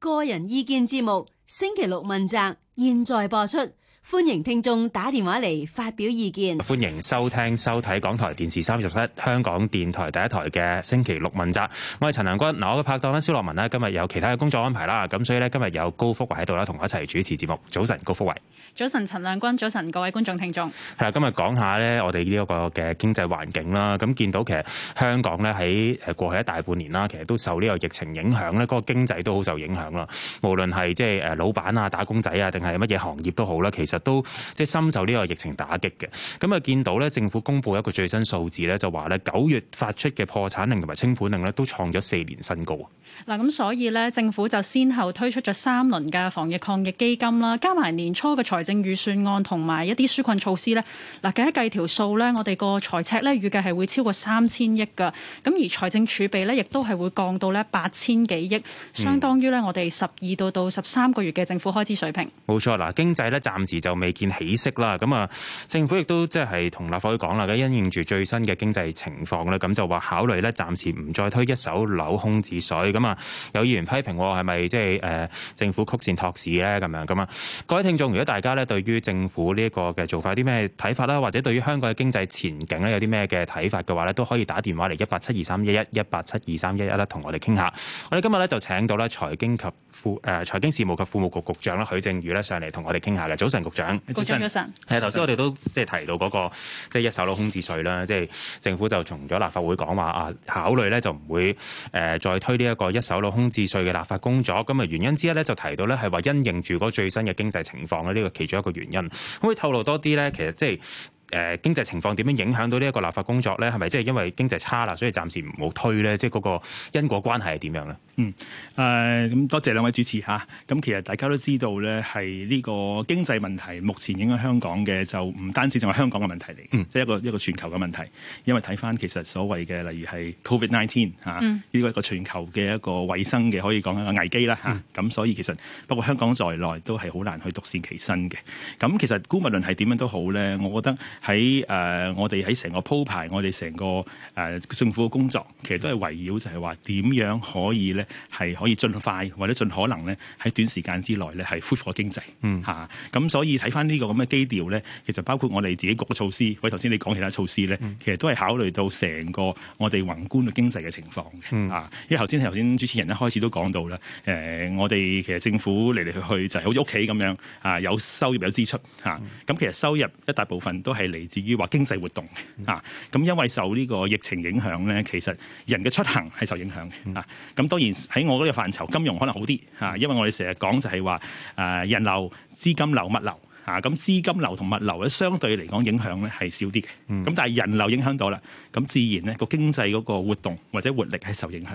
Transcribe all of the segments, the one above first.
個人意見節目，星期六問責，現在播出。歡迎聽眾打電話嚟發表意見。歡迎收聽收睇港台電視三十一，香港電台第一台嘅星期六問責。我係陳亮君嗱，我嘅拍檔咧蕭樂文咧今日有其他嘅工作安排啦，咁所以咧今日有高福維喺度啦，同我一齊主持節目。早晨，高福維。早晨，陳亮君。早晨，各位觀眾聽眾。係啊，今日講下咧，我哋呢一個嘅經濟環境啦，咁見到其實香港咧喺誒過去一大半年啦，其實都受呢個疫情影響咧，嗰個經濟都好受影響啦。無論係即係誒老闆啊、打工仔啊，定係乜嘢行業都好啦，其實。都即係深受呢個疫情打擊嘅，咁啊見到咧政府公布一個最新數字咧，就話咧九月發出嘅破產令同埋清盤令咧，都創咗四年新高啊！嗱，咁所以咧，政府就先後推出咗三輪嘅防疫抗疫基金啦，加埋年初嘅財政預算案同埋一啲紓困措施咧，嗱計一計條數咧，我哋個財赤咧預計係會超過三千億噶，咁而財政儲備咧亦都係會降到咧八千幾億，相當於咧我哋十二到到十三個月嘅政府開支水平。冇錯，嗯，嗱經濟咧暫時。就未見起色啦，咁啊，政府亦都即係同立法會講啦，咁因應住最新嘅經濟情況咁就話考慮呢暫時唔再推一手樓空置稅，咁啊，有議員批評係咪即係誒政府曲線托市呢？咁樣，咁啊，各位聽眾，如果大家呢對於政府呢一個嘅做法有啲咩睇法啦，或者對於香港嘅經濟前景呢有啲咩嘅睇法嘅話呢都可以打電話嚟一八七二三一一一八七二三一一啦，同我哋傾下。我哋今日呢就請到呢財經及副財經事務及庫務局局長啦許正宇呢上嚟同我哋傾下嘅，早晨。局長，係頭先我哋都即係提到嗰個即係一手樓空置稅啦，即係政府就從咗立法會講話啊，考慮咧就唔會再推呢一個一手樓空置稅嘅立法工作。咁啊原因之一咧就提到咧係話因應住嗰最新嘅經濟情況嘅呢個其中一個原因。可唔可以透露多啲咧？其實即係。誒經濟情況點樣影響到呢一個立法工作咧？係咪即係因為經濟差啦，所以暫時唔好推咧？即係嗰個因果關係係點樣咧？嗯，誒、呃、咁多謝兩位主持下咁，啊、其實大家都知道咧，係呢個經濟問題目前影響香港嘅，就唔單止淨係香港嘅問題嚟，即係一個一個全球嘅問題。因為睇返其實所謂嘅例如係 COVID-Nineteen 呢個一個全球嘅一個衞生嘅可以講一個危機啦咁，啊嗯啊、所以其實包括香港在內都係好難去獨善其身嘅。咁其實姑勿論係點樣都好咧，我覺得。喺誒、呃、我哋喺成個鋪排，我哋成個誒、呃、政府嘅工作，其實都係圍繞就係話點樣可以咧，係可以盡快或者盡可能咧，喺短時間之內咧，係恢復經濟嗯、啊，吓，咁所以睇翻呢個咁嘅基調咧，其實包括我哋自己局嘅措施，或者頭先你講其他措施咧，嗯、其實都係考慮到成個我哋宏觀嘅經濟嘅情況嘅。啊，因為頭先頭先主持人一開始都講到啦，誒、呃、我哋其實政府嚟嚟去去就係好似屋企咁樣啊，有收入有支出吓，咁、啊、其實收入一大部分都係。嚟自於話經濟活動啊，咁因為受呢個疫情影響咧，其實人嘅出行係受影響嘅啊。咁當然喺我嗰個範疇，金融可能好啲吓，因為我哋成日講就係話誒人流、資金流、物流。啊，咁資金流同物流咧，相對嚟講影響咧係少啲嘅。咁但係人流影響到啦，咁自然咧個經濟嗰個活動或者活力係受影響。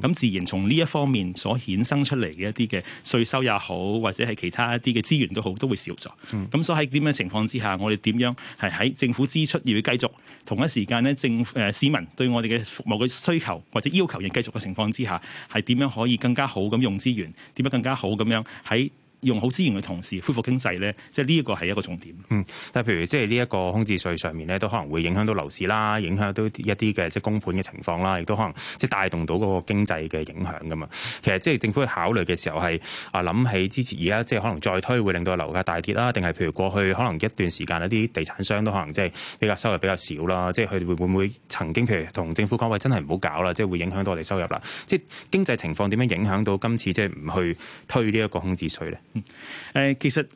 咁、嗯、自然從呢一方面所衍生出嚟嘅一啲嘅稅收也好，或者係其他一啲嘅資源都好，都會少咗。咁、嗯、所以喺點樣情況之下，我哋點樣係喺政府支出要繼續同一時間咧政誒市民對我哋嘅服務嘅需求或者要求仍繼續嘅情況之下，係點樣可以更加好咁用資源？點樣更加好咁樣喺？用好資源嘅同時，恢復經濟咧，即係呢一個係一個重點。嗯，但譬如即係呢一個空置稅上面咧，都可能會影響到樓市啦，影響到一啲嘅即係供盤嘅情況啦，亦都可能即係帶動到嗰個經濟嘅影響噶嘛。其實即係政府考慮嘅時候係啊，諗起之前而家即係可能再推會令到樓價大跌啦，定係譬如過去可能一段時間一啲地產商都可能即係比較收入比較少啦，即係佢會會唔會曾經譬如同政府講話真係唔好搞啦，即係會影響到我哋收入啦。即係經濟情況點樣影響到今次即係唔去推呢一個空置稅咧？誒、嗯，其實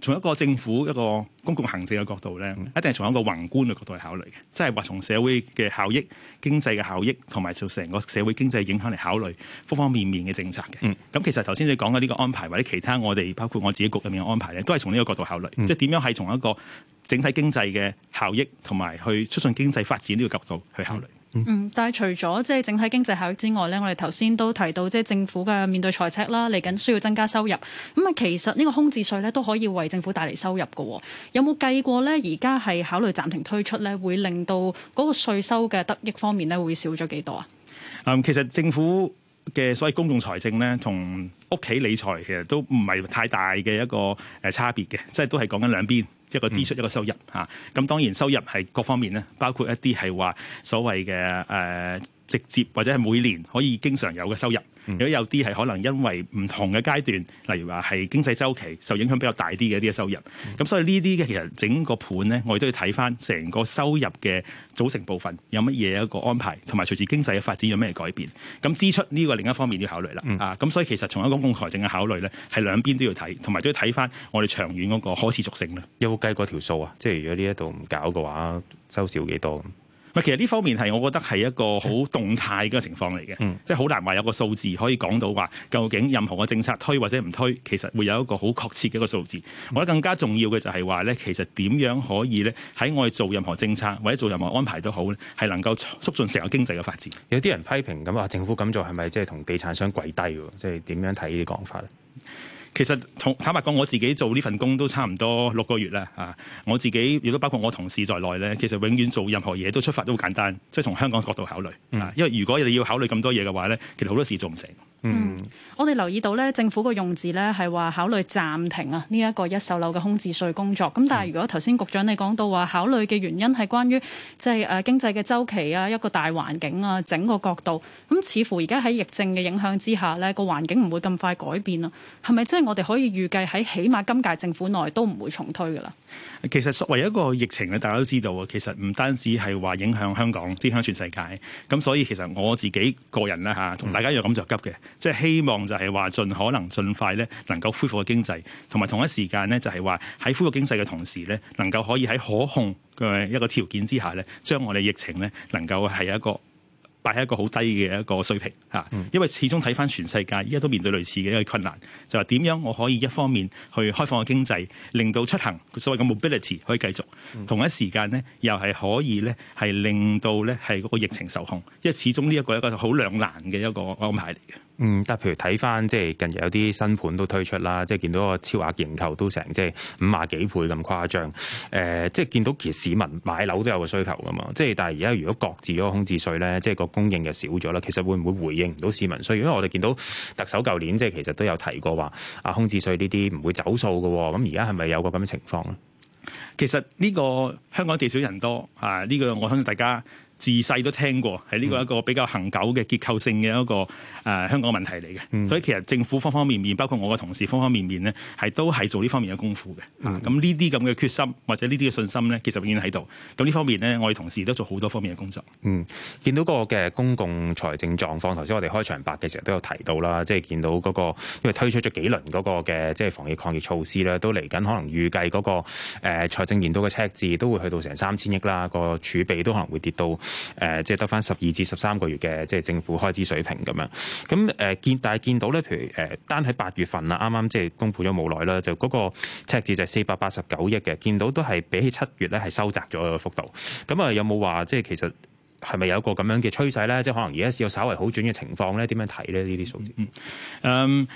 從一個政府一個公共行政嘅角度咧，一定係從一個宏觀嘅角度去考慮嘅，即係話從社會嘅效益，經濟嘅效益，同埋從成個社會經濟影響嚟考慮方方面面嘅政策嘅。咁、嗯、其實頭先你講嘅呢個安排，或者其他我哋包括我自己局入面嘅安排咧，都係從呢個角度考慮，嗯、即係點樣係從一個整體經濟嘅效益，同埋去促進經濟發展呢個角度去考慮。嗯嗯，但係除咗即係整體經濟效益之外咧，我哋頭先都提到即係政府嘅面對財赤啦，嚟緊需要增加收入。咁啊，其實呢個空置稅咧都可以為政府帶嚟收入㗎。有冇計過咧？而家係考慮暫停推出咧，會令到嗰個稅收嘅得益方面咧會少咗幾多啊？嗯，其實政府嘅所謂公共財政咧，同屋企理財其實都唔係太大嘅一個誒差別嘅，即係都係講緊兩邊。一個支出，一個收入嚇，咁當然收入係各方面咧，包括一啲係話所謂嘅誒。呃直接或者係每年可以經常有嘅收入，如果有啲係可能因為唔同嘅階段，例如話係經濟周期受影響比較大啲嘅啲嘅收入，咁、嗯、所以呢啲嘅其實整個盤咧，我哋都要睇翻成個收入嘅組成部分有乜嘢一個安排，同埋隨住經濟嘅發展有咩改變。咁支出呢個另一方面要考慮啦，嗯、啊，咁所以其實從一個公共財政嘅考慮咧，係兩邊都要睇，同埋都要睇翻我哋長遠嗰個可持續性啦。有冇計過條數啊？即係如果呢一度唔搞嘅話，收少幾多？其實呢方面係我覺得係一個好動態嘅情況嚟嘅，嗯、即係好難話有個數字可以講到話究竟任何嘅政策推或者唔推，其實會有一個好確切嘅一個數字。我覺得更加重要嘅就係話呢其實點樣可以呢喺我哋做任何政策或者做任何安排都好咧，係能夠促進成個經濟嘅發展。有啲人批評咁話，政府咁做係咪即係同地產商跪低？即係點樣睇呢啲講法咧？其實，坦白講，我自己做呢份工都差唔多六個月啦。嚇，我自己亦都包括我同事在內咧。其實永遠做任何嘢都出發都好簡單，即係從香港角度考慮。嗯，因為如果你要考慮咁多嘢嘅話咧，其實好多事做唔成。嗯，我哋留意到咧，政府個用字咧係話考慮暫停啊呢一個一手樓嘅空置稅工作。咁但係如果頭先局長你講到話考慮嘅原因係關於即係誒經濟嘅週期啊，一個大環境啊，整個角度。咁似乎而家喺疫症嘅影響之下咧，個環境唔會咁快改變咯。係咪即係我哋可以預計喺起碼今屆政府內都唔會重推噶啦？其實作為一個疫情咧，大家都知道啊，其實唔單止係話影響香港，影響全世界。咁所以其實我自己個人咧吓，同大家一樣咁着急嘅。即係希望就係話盡可能盡快咧，能夠恢復嘅經濟，同埋同一時間咧，就係話喺恢復經濟嘅同時咧，能夠可以喺可控嘅一個條件之下咧，將我哋疫情咧能夠係一個擺喺一個好低嘅一個水平嚇。因為始終睇翻全世界，依家都面對類似嘅一個困難，就話點樣我可以一方面去開放嘅經濟，令到出行所謂嘅 mobility 可以繼續，同一時間咧又係可以咧係令到咧係嗰個疫情受控。因為始終呢一個係一個好兩難嘅一個安排嚟嘅。嗯，但譬如睇翻即係近日有啲新盤都推出啦，即係見到個超額認購都成即係五啊幾倍咁誇張，誒、呃，即係見到其實市民買樓都有個需求噶嘛，即係但係而家如果擱置嗰個空置稅咧，即係個供應就少咗啦，其實會唔會回應唔到市民需要？因為我哋見到特首舊年即係其實都有提過話，啊，空置稅呢啲唔會走數噶喎，咁而家係咪有個咁嘅情況咧？其實呢個香港地少人多啊，呢、呢個我相信大家。自細都聽過，係呢個一個比較恒久嘅結構性嘅一個誒、呃、香港問題嚟嘅，所以其實政府方方面面，包括我個同事方方面面呢，係都係做呢方面嘅功夫嘅。咁呢啲咁嘅決心或者呢啲嘅信心呢，其實永遠喺度。咁呢方面呢，我哋同事都做好多方面嘅工作。嗯，見到個嘅公共財政狀況，頭先我哋開場白嘅時候都有提到啦，即係見到嗰個因為推出咗幾輪嗰個嘅即係防疫抗疫措施咧，都嚟緊可能預計嗰個誒、呃、財政年度嘅赤字都會去到成三千億啦，個儲備都可能會跌到。誒，即係得翻十二至十三個月嘅，即係政府開支水平咁樣。咁誒見，但係見到咧，譬如誒，單喺八月份啊，啱啱即係公布咗冇耐啦，就、那、嗰個赤字就係四百八十九億嘅。見到都係比起七月咧，係收窄咗嘅幅度。咁啊，有冇話即係其實係咪有個咁樣嘅趨勢咧？即係可能而家有稍為好轉嘅情況咧？點樣睇咧？呢啲數字？嗯。嗯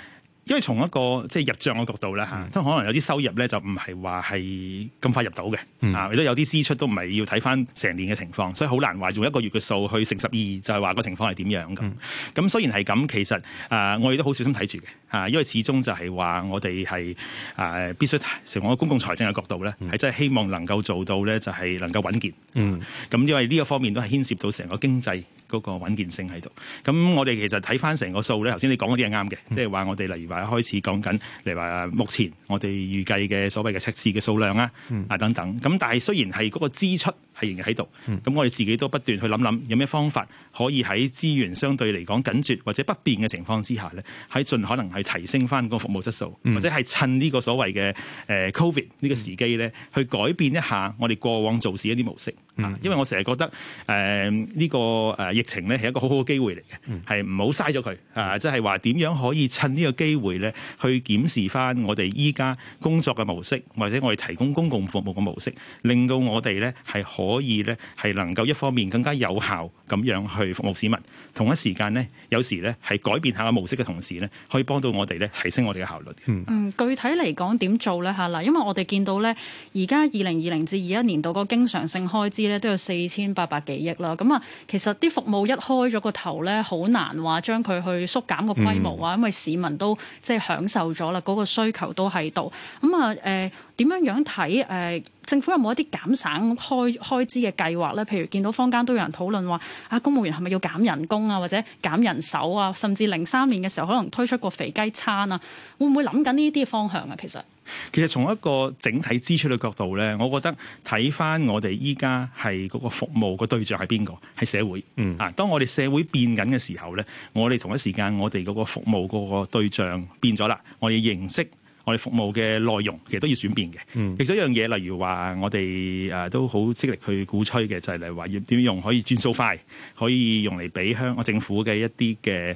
因為從一個即係入帳嘅角度咧嚇，都可能有啲收入咧就唔係話係咁快入到嘅，啊亦都有啲支出都唔係要睇返成年嘅情況，所以好難話用一個月嘅數去乘十二，就係話個情況係點樣咁。咁雖然係咁，其實誒我哋都好小心睇住嘅。啊！因為始終就係話我哋係啊必須從我個公共財政嘅角度咧，係真係希望能夠做到咧，就係能夠穩健。嗯，咁因為呢個方面都係牽涉到成個經濟嗰個穩健性喺度。咁我哋其實睇翻成個數咧，頭先你講嗰啲係啱嘅，嗯、即係話我哋例如話開始講緊，例如話目前我哋預計嘅所謂嘅赤字嘅數量啊，啊、嗯、等等。咁但係雖然係嗰個支出，係仍然喺度，咁我哋自己都不斷去諗諗有咩方法可以喺資源相對嚟講緊絀或者不變嘅情況之下咧，喺盡可能去提升返個服務質素，或者係趁呢個所謂嘅誒 COVID 呢個時機咧，去改變一下我哋過往做事一啲模式。因為我成日覺得誒呢個誒疫情咧係一個好好嘅機會嚟嘅，係唔好嘥咗佢啊！即係話點樣可以趁呢個機會咧，去檢視翻我哋依家工作嘅模式，或者我哋提供公共服務嘅模式，令到我哋咧係可以咧係能夠一方面更加有效咁樣去服務市民，同一時間咧有時咧係改變下個模式嘅同時咧，可以幫到我哋咧提升我哋嘅效率。嗯，嗯具體嚟講點做咧嚇嗱？因為我哋見到咧而家二零二零至二一年度個經常性開支。都有四千八百幾億啦，咁啊，其實啲服務一開咗個頭咧，好難話將佢去縮減個規模啊，因為市民都即係享受咗啦，嗰個需求都喺度。咁啊，誒，點樣樣睇？誒，政府有冇一啲減省開開支嘅計劃咧？譬如見到坊間都有人討論話，啊，公務員係咪要減人工啊，或者減人手啊？甚至零三年嘅時候，可能推出個肥雞餐啊，會唔會諗緊呢啲方向啊？其實？其實從一個整體支出嘅角度咧，我覺得睇返我哋依家係嗰個服務個對象係邊個？係社會。嗯，啊，當我哋社會變緊嘅時候咧，我哋同一時間我哋嗰個服務嗰個對象變咗啦，我哋認識。我哋服務嘅內容其實都要轉變嘅。其實、嗯、一樣嘢，例如話我哋誒都好積極去鼓吹嘅，就係嚟話要點樣用可以轉數快，可以用嚟俾香港政府嘅一啲嘅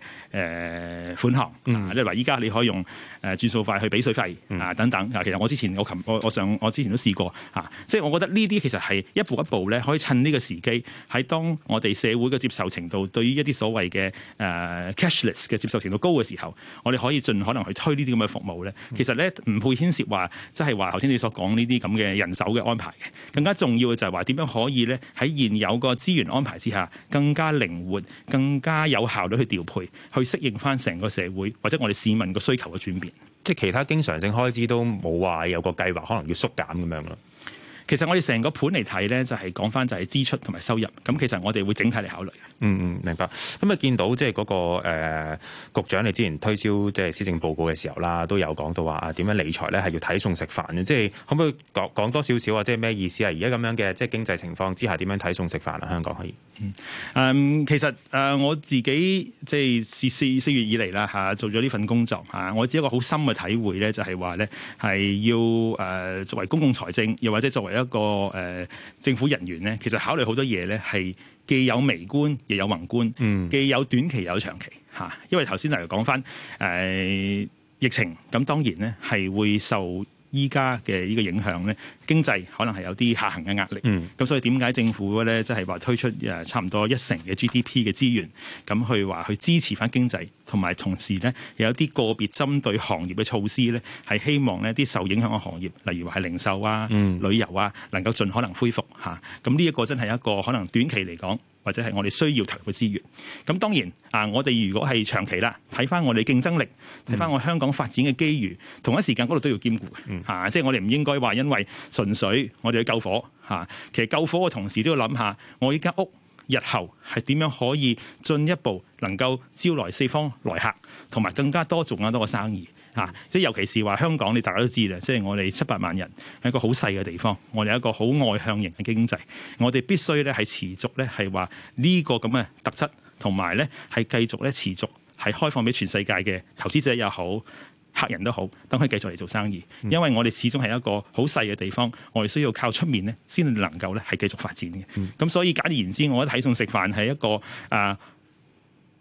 誒款項。嗯啊、例如話依家你可以用誒轉數快去俾水費啊等等啊。其實我之前我琴我我上我之前都試過啊，即、就、係、是、我覺得呢啲其實係一步一步咧，可以趁呢個時機，喺當我哋社會嘅接受程度對於一啲所謂嘅誒、呃、cashless 嘅接受程度高嘅時候，我哋可以盡可能去推呢啲咁嘅服務咧。其實咧。唔會牽涉話，即係話頭先你所講呢啲咁嘅人手嘅安排嘅，更加重要嘅就係話點樣可以呢喺現有個資源安排之下，更加靈活、更加有效率去調配，去適應翻成個社會或者我哋市民個需求嘅轉變。即係其他經常性開支都冇話有，有個計劃，可能要縮減咁樣咯。其實我哋成個盤嚟睇咧，就係講翻就係支出同埋收入。咁其實我哋會整體嚟考慮嘅。嗯嗯，明白。咁、嗯、啊，見到即係嗰個、呃、局長，你之前推銷即係施政報告嘅時候啦，都有講到話啊，點樣理財咧係要睇餸食飯。即係可唔可以講多少少啊？即係咩意思啊？而家咁樣嘅即係經濟情況之下，點樣睇餸食飯啊？香港可以。嗯，嗯，其實、呃、我自己即係四四四月以嚟啦嚇，做咗呢份工作嚇，我只有一個好深嘅體會咧，就係話咧係要、呃、作為公共財政，又或者作為一個誒、呃、政府人員咧，其實考慮好多嘢咧，係既有微觀，亦有宏觀，嗯、既有短期，有長期吓，因為頭先嚟講翻誒疫情，咁當然咧係會受。依家嘅呢個影響咧，經濟可能係有啲下行嘅壓力。咁、嗯、所以點解政府咧，即係話推出誒差唔多一成嘅 GDP 嘅資源，咁去話去支持返經濟，同埋同時咧有啲個別針對行業嘅措施咧，係希望呢啲受影響嘅行業，例如話係零售啊、旅遊啊，能夠盡可能恢復吓。咁、嗯、呢一個真係一個可能短期嚟講。或者係我哋需要投入嘅資源，咁當然啊，我哋如果係長期啦，睇翻我哋競爭力，睇翻我香港發展嘅機遇，嗯、同一時間嗰度都要兼顧，嚇、嗯啊，即係我哋唔應該話因為純粹我哋去救火嚇、啊，其實救火嘅同時都要諗下，我依間屋日後係點樣可以進一步能夠招來四方來客，同埋更加多做更多嘅生意。啊！即係尤其是話香港，你大家都知啦，即係我哋七八萬人係一個好細嘅地方，我哋一個好外向型嘅經濟，我哋必須咧係持續咧係話呢個咁嘅特質，同埋咧係繼續咧持續係開放俾全世界嘅投資者又好、客人都好，等佢繼續嚟做生意。因為我哋始終係一個好細嘅地方，我哋需要靠出面咧先能夠咧係繼續發展嘅。咁、嗯、所以簡而言之，我睇餸食飯係一個啊，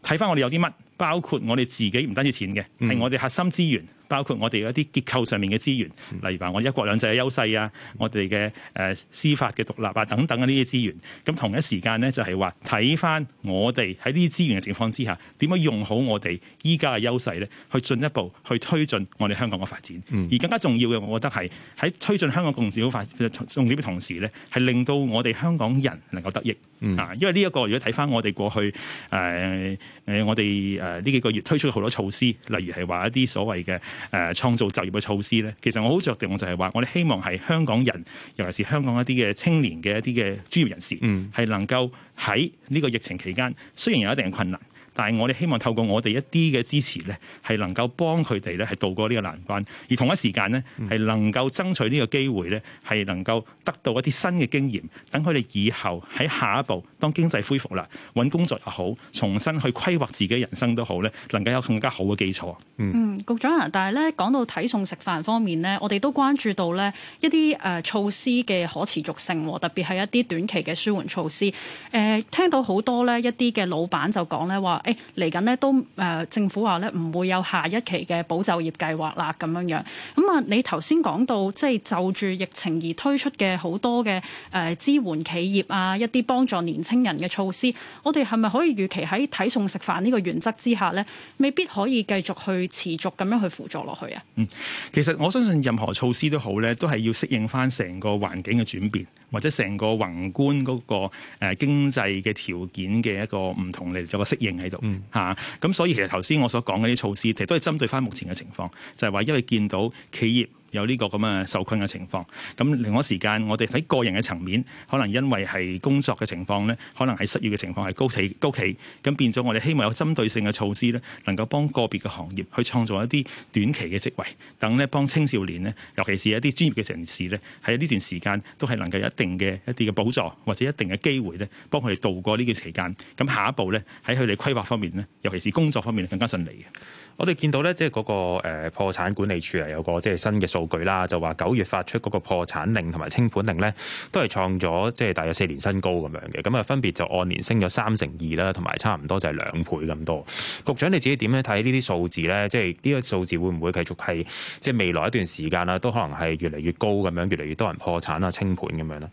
睇返我哋有啲乜。包括我哋自己唔單止錢嘅，係我哋核心資源，包括我哋一啲結構上面嘅資源，例如話我一國兩制嘅優勢啊，我哋嘅誒司法嘅獨立啊等等啊呢啲資源。咁同一時間咧，就係話睇翻我哋喺呢啲資源嘅情況之下，點樣用好我哋依家嘅優勢咧，去進一步去推進我哋香港嘅發展。嗯、而更加重要嘅，我覺得係喺推進香港共治嘅重點嘅同時咧，係令到我哋香港人能夠得益。啊，嗯、因為呢、這、一個如果睇返我哋過去誒誒，呃，我哋誒呢幾個月推出好多措施，例如係話一啲所謂嘅誒創造就業嘅措施咧，其實我好著重，就係話，我哋希望係香港人，尤其是香港一啲嘅青年嘅一啲嘅專業人士，係，嗯、能夠喺呢個疫情期間，雖然有一定嘅困難。但係我哋希望透過我哋一啲嘅支持呢係能夠幫佢哋呢係渡過呢個難關，而同一時間呢，係能夠爭取呢個機會呢係能夠得到一啲新嘅經驗，等佢哋以後喺下一步當經濟恢復啦，搵工作又好，重新去規劃自己人生都好呢，能夠有更加好嘅基礎。嗯，局長啊，但係呢講到睇餸食飯方面呢，我哋都關注到呢一啲誒措施嘅可持續性，特別係一啲短期嘅舒緩措施。誒、呃，聽到好多呢一啲嘅老闆就講呢話。誒嚟緊呢都、呃、政府話咧唔會有下一期嘅保就業計劃啦咁樣樣。咁啊，你頭先講到即係就住、是、疫情而推出嘅好多嘅誒、呃、支援企業啊，一啲幫助年青人嘅措施，我哋係咪可以預期喺睇餸食飯呢個原則之下呢？未必可以繼續去持續咁樣去輔助落去啊？嗯，其實我相信任何措施都好呢都係要適應翻成個環境嘅轉變。或者成個宏觀嗰個誒經濟嘅條件嘅一個唔同嚟做個適應喺度嚇。咁、嗯啊、所以其實頭先我所講嗰啲措施，其實都係針對翻目前嘅情況，就係話因為見到企業有呢個咁啊受困嘅情況。咁另外時間，我哋喺個人嘅層面，可能因為係工作嘅情況咧，可能喺失業嘅情況係高企。高企。咁變咗我哋希望有針對性嘅措施咧，能夠幫個別嘅行業去創造一啲短期嘅職位，等咧幫青少年咧，尤其是一啲專業嘅城市，咧，喺呢段時間都係能夠有一定嘅一啲嘅補助，或者一定嘅機會咧，幫佢哋度過呢個期間。咁下一步咧喺佢哋規劃方面咧，尤其是工作方面更加順利嘅。我哋見到咧，即係嗰個破產管理處啊，有個即係新嘅數數據啦，就話九月發出嗰個破產令同埋清盤令呢，都係創咗即係大約四年新高咁樣嘅。咁啊，分別就按年升咗三成二啦，同埋差唔多就係兩倍咁多。局長你自己點樣睇呢啲數字呢？即係呢個數字會唔會繼續係即係未來一段時間啦，都可能係越嚟越高咁樣，越嚟越多人破產呀、清盤咁樣咧。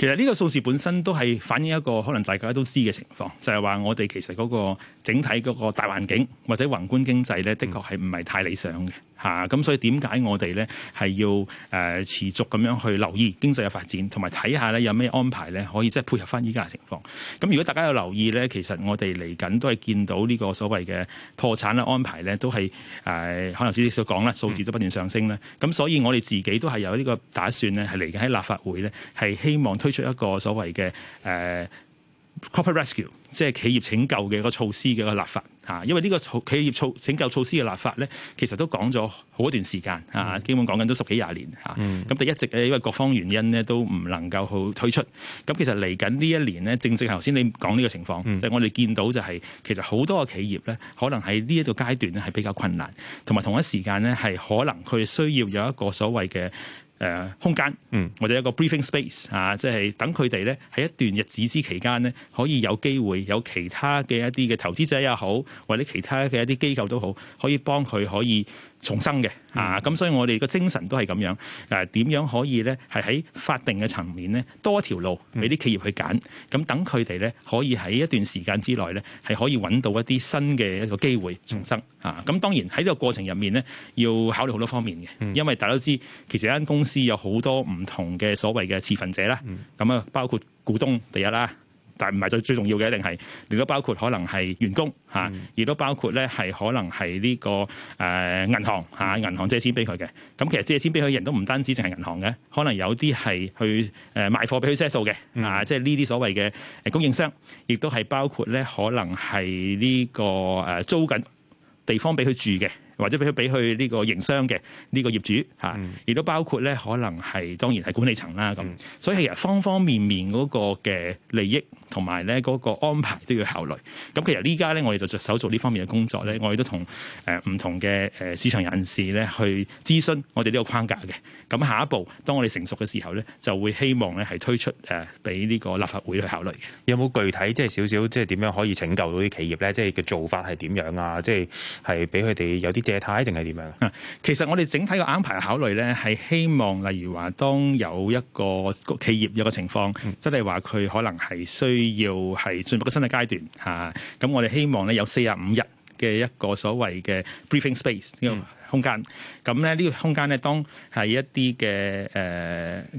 其實呢個數字本身都係反映一個可能大家都知嘅情況，就係話我哋其實嗰個整體嗰個大環境或者宏觀經濟咧，的確係唔係太理想嘅嚇。咁所以點解我哋咧係要誒持續咁樣去留意經濟嘅發展，同埋睇下咧有咩安排咧可以即係配合翻依家嘅情況。咁如果大家有留意咧，其實我哋嚟緊都係見到呢個所謂嘅破產嘅安排咧，都係誒可能先至所講啦，數字都不斷上升啦。咁所以我哋自己都係有呢個打算咧，係嚟緊喺立法會咧係希望推。推出一個所謂嘅誒、uh, Corporate Rescue，即係企業拯救嘅一個措施嘅一個立法嚇，因為呢個企業措拯，拯救措施嘅立法咧，其實都講咗好一段時間嚇，嗯、基本講緊都十幾廿年嚇，咁就、嗯、一直誒因為各方原因咧，都唔能夠好推出。咁其實嚟緊呢一年咧，正正係頭先你講呢個情況，嗯、就係我哋見到就係、是、其實好多個企業咧，可能喺呢一個階段咧係比較困難，同埋同一時間咧係可能佢需要有一個所謂嘅。誒空間，或者一個 briefing space 啊，即係等佢哋咧喺一段日子之期間咧，可以有機會有其他嘅一啲嘅投資者也好，或者其他嘅一啲機構都好，可以幫佢可以，重生嘅啊，咁所以我哋個精神都係咁樣。誒點樣可以咧，係喺法定嘅層面咧多一條路俾啲企業去揀，咁等佢哋咧可以喺一段時間之內咧係可以揾到一啲新嘅一個機會重生啊。咁當然喺呢個過程入面咧要考慮好多方面嘅，因為大家都知其實一間公司有好多唔同嘅所謂嘅持份者啦。咁啊，包括股東第一啦。但係唔係最最重要嘅，一定係亦都包括可能係員工嚇，亦都包括咧係可能係呢個誒銀行嚇，銀行借錢俾佢嘅。咁其實借錢俾佢嘅人都唔單止淨係銀行嘅，可能有啲係去誒賣貨俾佢賒數嘅啊，即係呢啲所謂嘅誒供應商，亦都係包括咧可能係呢個誒租緊地方俾佢住嘅。或者俾佢俾佢呢個營商嘅呢個業主嚇，亦都、嗯、包括咧，可能係當然係管理層啦咁。嗯、所以其實方方面面嗰個嘅利益同埋咧嗰個安排都要考慮。咁其實呢家咧，我哋就着手做呢方面嘅工作咧，我哋都同誒唔同嘅誒市場人士咧去諮詢我哋呢個框架嘅。咁下一步，當我哋成熟嘅時候咧，就會希望咧係推出誒俾呢個立法會去考慮嘅。有冇具體即係少少即係點樣可以拯救到啲企業咧？即係嘅做法係點樣啊？即係係俾佢哋有啲。借貸定係點樣？啊，其實我哋整體嘅安排嘅考慮咧，係希望例如話當有一個企業有個情況，即係話佢可能係需要係進入個新嘅階段吓，咁我哋希望咧有四啊五日嘅一個所謂嘅 briefing space 呢個空間，咁咧呢個空間咧，當係一啲嘅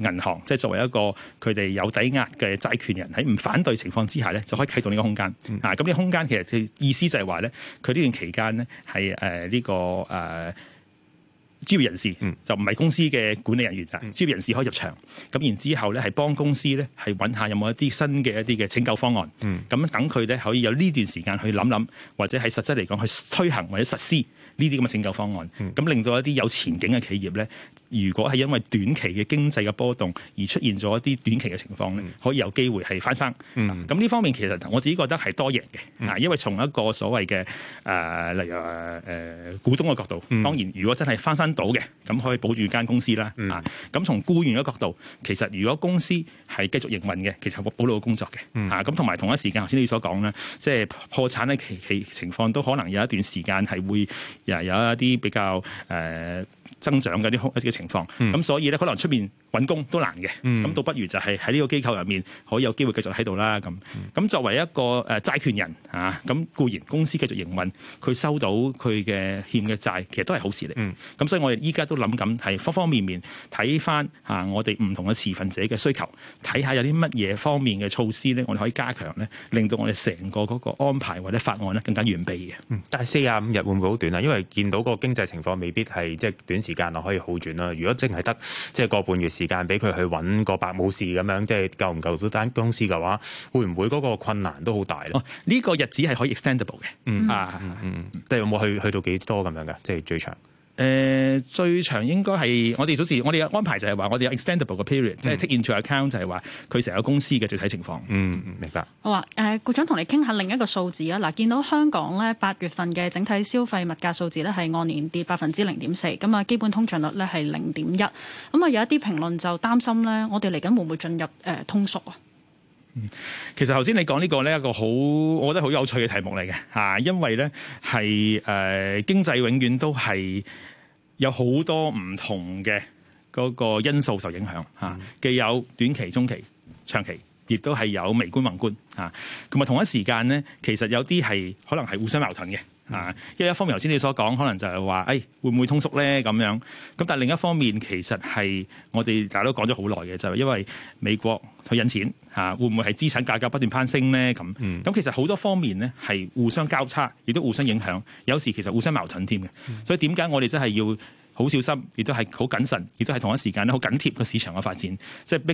誒銀行，即係作為一個佢哋有抵押嘅債權人喺唔反對情況之下咧，就可以啟動呢個空間。嗯、啊，咁呢個空間其實意思就係話咧，佢呢段期間咧係誒呢個、呃呢個誒。呃專業人士就唔係公司嘅管理人員啊，專業人士可以入場，咁然之後咧係幫公司咧係揾下有冇一啲新嘅一啲嘅拯救方案，咁等佢咧可以有呢段時間去諗諗，或者喺實質嚟講去推行或者實施。呢啲咁嘅拯救方案，咁令到一啲有前景嘅企業咧，如果係因為短期嘅經濟嘅波動而出現咗一啲短期嘅情況，咧，可以有機會係翻生。咁呢、嗯、方面其實我自己覺得係多贏嘅，嗱，因為從一個所謂嘅誒、呃，例如、呃、股東嘅角度，嗯，當然如果真係翻生到嘅，咁可以保住一間公司啦。嗯、啊，咁從僱員嘅角度，其實如果公司係繼續營運嘅，其實保保到工作嘅。咁同埋同一時間頭先你所講咧，即、就、係、是、破產咧其其情況都可能有一段時間係會。又有一啲比較誒，Uh 增長嘅啲嘅情況，咁所以咧可能出面揾工都難嘅，咁倒不如就係喺呢個機構入面可以有機會繼續喺度啦。咁咁作為一個誒債權人啊，咁固然公司繼續營運，佢收到佢嘅欠嘅債，其實都係好事嚟。咁、嗯、所以我哋依家都諗緊係方方面面睇翻吓我哋唔同嘅持份者嘅需求，睇下有啲乜嘢方面嘅措施咧，我哋可以加強咧，令到我哋成個嗰個安排或者法案咧更加完備嘅、嗯。但係四十五日會唔會好短啊？因為見到個經濟情況未必係即係短。時間可以好轉啦。如果淨係得，即係個半月時間，俾佢去揾個白武士咁樣，即係夠唔夠到單公司嘅話，會唔會嗰個困難都好大咧？呢、哦這個日子係可以 extendable 嘅。嗯啊，嗯嗯，即、嗯、係、嗯嗯、有冇去去到幾多咁樣噶？即係最長。誒、呃、最長應該係我哋早時，我哋嘅安排就係話、嗯，我哋有 extendable 嘅 period，即係 take into account，就係話佢成個公司嘅具體情況。嗯，明白。好啊，誒、呃，局長同你傾下另一個數字啊！嗱，見到香港咧八月份嘅整體消費物價數字咧係按年跌百分之零點四，咁啊基本通脹率咧係零點一，咁啊有一啲評論就擔心咧，我哋嚟緊會唔會進入誒通縮啊？其實頭先你講呢個呢一個好，我覺得好有趣嘅題目嚟嘅嚇，因為咧係誒經濟永遠都係。有好多唔同嘅嗰個因素受影響吓，既有短期、中期、長期，亦都係有微觀、宏觀吓，同埋同一時間咧，其實有啲係可能係互相矛盾嘅。啊！因為一方面，頭先你所講，可能就係話，誒、哎、會唔會通縮咧咁樣？咁但係另一方面，其實係我哋大家都講咗好耐嘅，就係、是、因為美國去印錢嚇，會唔會係資產價格不斷攀升咧？咁咁、嗯、其實好多方面咧係互相交叉，亦都互相影響，有時其實互相矛盾添嘅。所以點解我哋真係要，好小心，亦都係好謹慎，亦都喺同一時間咧，好緊貼個市場嘅發展，即係逼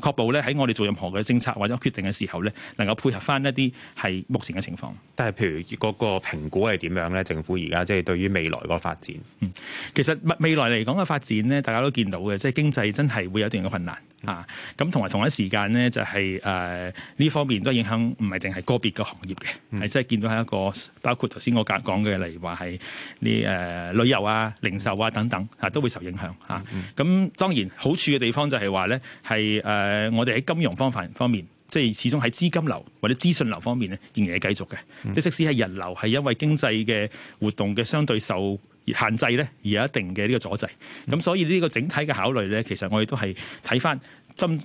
確保咧喺我哋做任何嘅政策或者決定嘅時候咧，能夠配合翻一啲係目前嘅情況。但係譬如嗰個評估係點樣咧？政府而家即係對於未來個發展，嗯，其實未來嚟講嘅發展咧，大家都見到嘅，即係經濟真係會有一定嘅困難、嗯、啊。咁同埋同一時間咧、就是，就係誒呢方面都影響唔係淨係個別嘅行業嘅，係、嗯、即係見到係一個包括頭先我講講嘅，例如話係呢誒旅遊啊、零售啊。等等嚇都會受影響嚇，咁、嗯、當然好處嘅地方就係話咧，係誒、呃、我哋喺金融方法方面，即係始終喺資金流或者資訊流方面咧仍然係繼續嘅。即、嗯、即使係人流係因為經濟嘅活動嘅相對受限制咧，而有一定嘅呢個阻滯。咁、嗯、所以呢個整體嘅考慮咧，其實我哋都係睇返針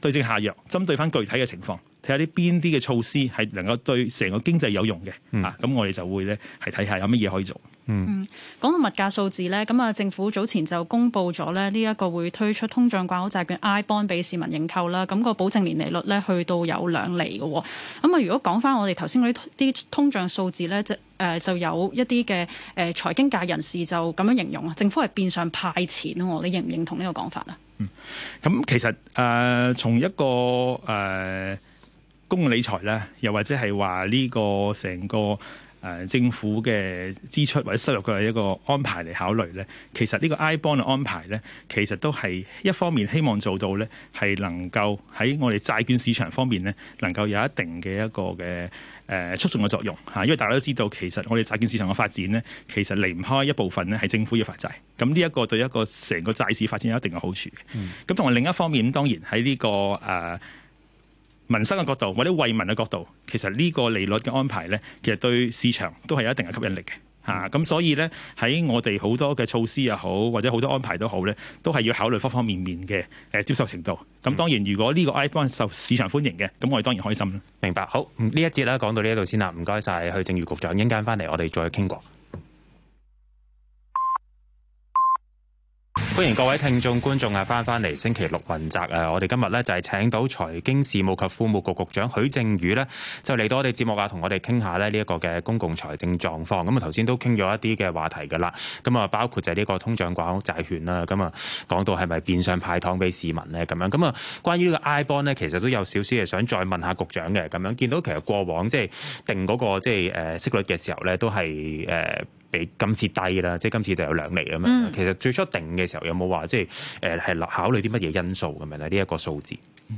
對症下藥，針對返具體嘅情況，睇下啲邊啲嘅措施係能夠對成個經濟有用嘅嚇。咁、嗯啊、我哋就會咧係睇下有乜嘢可以做。嗯，講到物價數字咧，咁啊政府早前就公布咗咧呢一個會推出通脹掛鈎債券 i bond 俾市民認購啦，咁、那個保證年利率咧去到有兩厘嘅喎。咁啊如果講翻我哋頭先嗰啲啲通脹數字咧，就誒、呃、就有一啲嘅誒財經界人士就咁樣形容啊，政府係變相派錢咯，你認唔認同呢個講法啊？嗯，咁其實誒、呃、從一個誒、呃、公共理財咧，又或者係話呢個成個啊、政府嘅支出或者收入嘅一個安排嚟考慮咧，其實呢個 I bond 嘅安排咧，其實都係一方面希望做到咧，係能夠喺我哋債券市場方面咧，能夠有一定嘅一個嘅誒、呃、促進嘅作用吓、啊，因為大家都知道，其實我哋債券市場嘅發展咧，其實離唔開一部分咧係政府要發債，咁呢一個對一個成個債市發展有一定嘅好處嘅，咁同埋另一方面當然喺呢、這個誒。呃民生嘅角度或者惠民嘅角度，其實呢個利率嘅安排呢，其實對市場都係有一定嘅吸引力嘅嚇。咁、啊、所以呢，喺我哋好多嘅措施又好，或者好多安排都好呢，都係要考慮方方面面嘅誒接受程度。咁當然，如果呢個 iPhone 受市場歡迎嘅，咁我哋當然開心啦。明白，好，呢一節啦，講到呢度先啦，唔該晒，許正宇局長，陣間返嚟，我哋再傾過。歡迎各位聽眾、觀眾啊，翻返嚟星期六問責啊！我哋今日咧就係請到財經事務及庫務局局長許正宇咧，就嚟到我哋節目啊，同我哋傾下咧呢一個嘅公共財政狀況。咁啊，頭先都傾咗一啲嘅話題噶啦。咁啊，包括就係呢個通脹掛鈎債券啦。咁啊，講到係咪變相派糖俾市民咧咁樣。咁啊，關於呢個 I bond 咧，ond，其實都有少少係想再問下局長嘅咁樣。見到其實過往即係定嗰個即係誒息率嘅時候咧，都係比今次低啦，即係今次就有兩厘咁嘛。嗯、其實最初定嘅時候有冇話即係誒係考考慮啲乜嘢因素咁樣咧？呢、這、一個數字、嗯，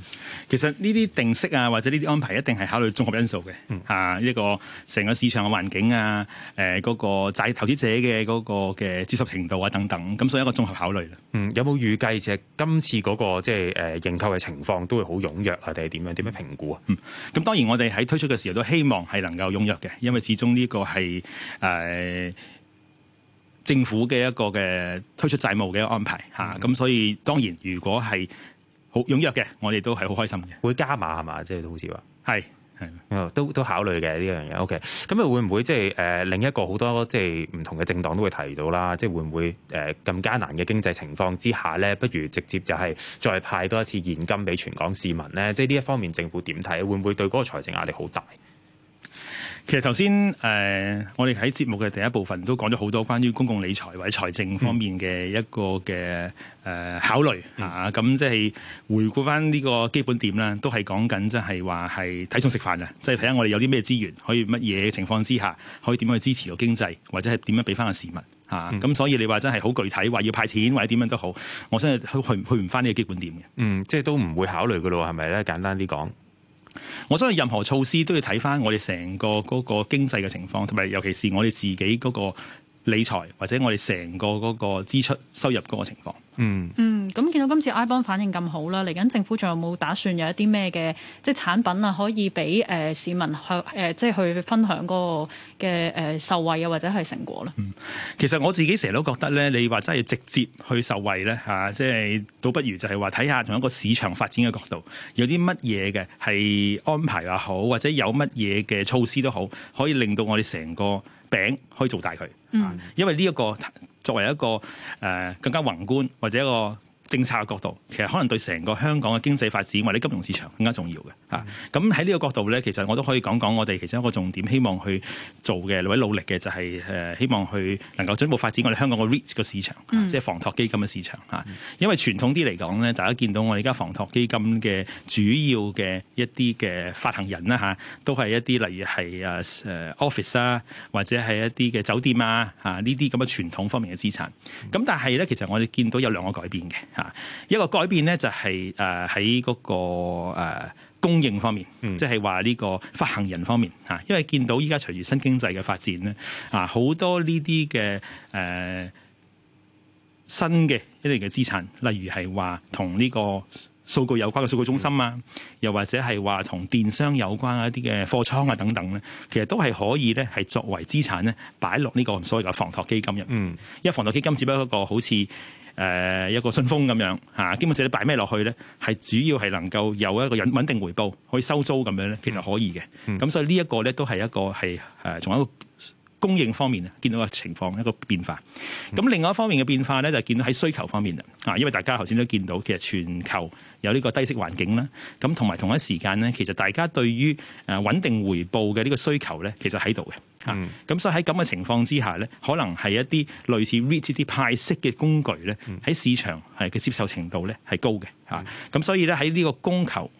其實呢啲定息啊或者呢啲安排一定係考慮綜合因素嘅吓，呢一、嗯啊這個成個市場嘅環境啊，誒、呃、嗰、那個債投資者嘅嗰個嘅接受程度啊等等，咁所以一個綜合考慮嗯，有冇預計即係今次嗰、那個即係誒認購嘅情況都會好踴躍啊？定係點樣？點樣評估啊？咁、嗯、當然我哋喺推出嘅時候都希望係能夠踴躍嘅，因為始終呢個係誒。呃政府嘅一個嘅推出債務嘅安排嚇，咁、嗯啊、所以當然如果係好踴躍嘅，我哋都係好開心嘅。會加碼係嘛？即係好似話係係都都考慮嘅呢樣嘢。OK，咁啊會唔會即係誒另一個好多即係唔同嘅政黨都會提到啦？即係會唔會誒咁、呃、艱難嘅經濟情況之下咧，不如直接就係再派多一次現金俾全港市民咧？即係呢一方面政府點睇？會唔會對嗰個財政壓力好大？其實頭先誒，我哋喺節目嘅第一部分都講咗好多關於公共理財或者財政方面嘅一個嘅誒、呃、考慮、嗯、啊，咁即係回顧翻呢個基本點啦，都係講緊即係話係睇餸食飯嘅，即係睇下我哋有啲咩資源可以乜嘢情況之下，可以點樣去支持個經濟，或者係點樣俾翻個市民吓。咁、嗯啊、所以你話真係好具體，話要派錢或者點樣都好，我真係去去唔翻呢個基本點嘅，嗯，即係都唔會考慮噶咯，係咪咧？簡單啲講。我相信任何措施都要睇翻我哋成個嗰個經濟嘅情況，同埋尤其是我哋自己嗰個。理財或者我哋成個嗰個支出收入嗰個情況，嗯嗯，咁見到今次 iBond 反應咁好啦，嚟緊政府仲有冇打算有一啲咩嘅即係產品啊，可以俾市民去、呃、即係去分享嗰個嘅誒、呃、受惠啊，或者係成果咧、嗯？其實我自己成日都覺得咧，你話真係直接去受惠咧、啊、即係倒不如就係話睇下從一個市場發展嘅角度，有啲乜嘢嘅係安排又好，或者有乜嘢嘅措施都好，可以令到我哋成個。餅可以做大佢，因為呢一個作為一個誒更加宏觀或者一個。政策嘅角度，其實可能對成個香港嘅經濟發展或者金融市場更加重要嘅嚇。咁喺呢個角度咧，其實我都可以講講我哋其中一個重點希、就是呃，希望去做嘅、或者努力嘅，就係誒希望去能夠進一步發展我哋香港嘅 REIT 個市場，啊、即係房託基金嘅市場嚇。啊嗯、因為傳統啲嚟講咧，大家見到我哋而家房託基金嘅主要嘅一啲嘅發行人啦嚇、啊，都係一啲例如係啊誒 office 啊，或者係一啲嘅酒店啊嚇呢啲咁嘅傳統方面嘅資產。咁、嗯嗯、但係咧，其實我哋見到有兩個改變嘅。啊！一個改變咧，就係誒喺嗰個供應方面，嗯、即係話呢個發行人方面嚇，因為見到依家隨住新經濟嘅發展咧，啊好多呢啲嘅誒新嘅一啲嘅資產，例如係話同呢個數據有關嘅數據中心啊，又或者係話同電商有關嘅一啲嘅貨倉啊等等咧，其實都係可以咧，係作為資產咧擺落呢個所謂嘅防託基金入。嗯，因為防託基金只不過一個好似。誒、呃、一個信封咁樣、啊、基本上你擺咩落去咧，係主要係能夠有一個穩穩定回報，可以收租咁樣咧，其實可以嘅。咁、嗯、所以呢一個咧，都係一個係誒，從一個，供應方面啊，見到個情況一個變化，咁另外一方面嘅變化咧，就見到喺需求方面啊，因為大家頭先都見到其實全球有呢個低息環境啦，咁同埋同一時間咧，其實大家對於誒穩定回報嘅呢個需求咧，其實喺度嘅啊，咁所以喺咁嘅情況之下咧，可能係一啲類似 REIT 啲派息嘅工具咧，喺市場係嘅接受程度咧係高嘅啊，咁所以咧喺呢個供求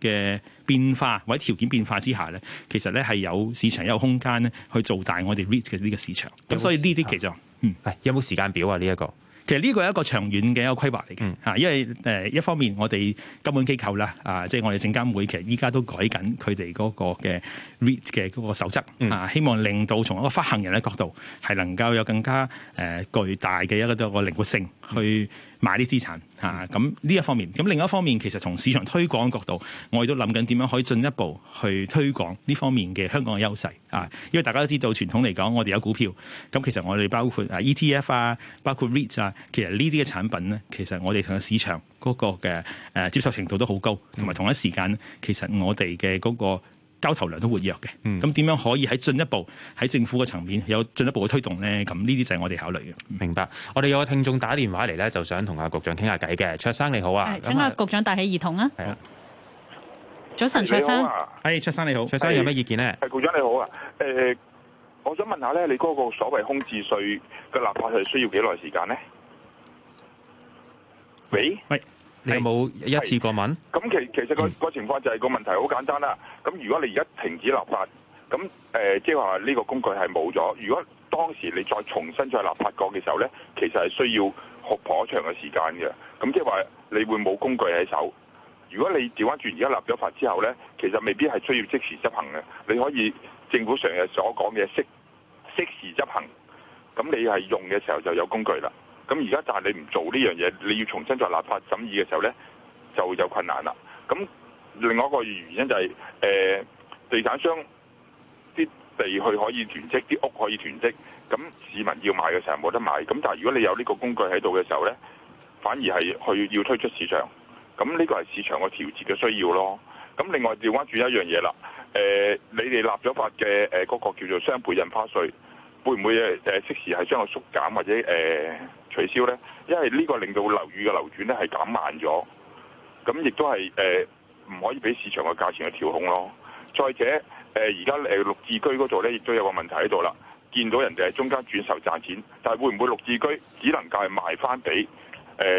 嘅。變化或者條件變化之下咧，其實咧係有市場有空間咧去做大我哋 REIT 嘅呢個市場。咁所以呢啲其實，啊、嗯，有冇時間表啊？呢、這、一個其實呢個係一個長遠嘅一個規劃嚟嘅嚇，嗯、因為誒一方面我哋監管機構啦、嗯、啊，即、就、係、是、我哋證監會，其實依家都在改緊佢哋嗰個嘅 REIT 嘅嗰個守則、嗯、啊，希望令到從一個發行人嘅角度係能夠有更加誒巨大嘅一個一個靈活性。去買啲資產嚇，咁呢一方面，咁另一方面，其實從市場推廣角度，我亦都諗緊點樣可以進一步去推廣呢方面嘅香港嘅優勢啊！因為大家都知道傳統嚟講，我哋有股票，咁其實我哋包括啊 ETF 啊，包括 REIT 啊，其實呢啲嘅產品咧，其實我哋同個市場嗰個嘅誒接受程度都好高，同埋同一時間，其實我哋嘅嗰個，交投量都活躍嘅，咁點樣可以喺進一步喺政府嘅層面有進一步嘅推動呢？咁呢啲就係我哋考慮嘅。明白，我哋有個聽眾打電話嚟呢，就想同阿局長傾下偈嘅。卓生你好啊，請阿客那局長大起移動啊。啊早晨，啊、卓生。係卓生你好，是卓生有咩意見呢？係局長你好啊。誒、呃，我想問下呢，你嗰個所謂空置稅嘅立法係需要幾耐時間呢？喂。係。你有冇一次過問？咁其其實個情況就係個問題好簡單啦。咁、嗯、如果你而家停止立法，咁、呃、即係話呢個工具係冇咗。如果當時你再重新再立法過嘅時候呢，其實係需要好頗長嘅時間嘅。咁即係話你會冇工具喺手。如果你調翻轉而家立咗法之後呢，其實未必係需要即時執行嘅。你可以政府成日所講嘅適適時執行，咁你係用嘅時候就有工具啦。咁而家就係你唔做呢樣嘢，你要重新再立法審議嘅時候呢，就會有困難啦。咁另外一個原因就係、是，誒、呃、地產商啲地去可以囤積，啲屋可以囤積，咁市民要買嘅時候冇得買。咁但係如果你有呢個工具喺度嘅時候呢，反而係去要推出市場。咁呢個係市場個調節嘅需要咯。咁另外調翻轉一樣嘢啦，誒、呃、你哋立咗法嘅嗰個叫做雙倍印花稅，會唔會即時係將個縮減或者誒？呃取消呢，因為呢個令到樓宇嘅流轉呢係減慢咗，咁亦都係唔、呃、可以俾市場嘅價錢去調控咯。再者而家誒綠置居嗰度呢，亦都有個問題喺度啦，見到人哋喺中間轉售賺錢，但係會唔會綠置居只能夠係賣翻俾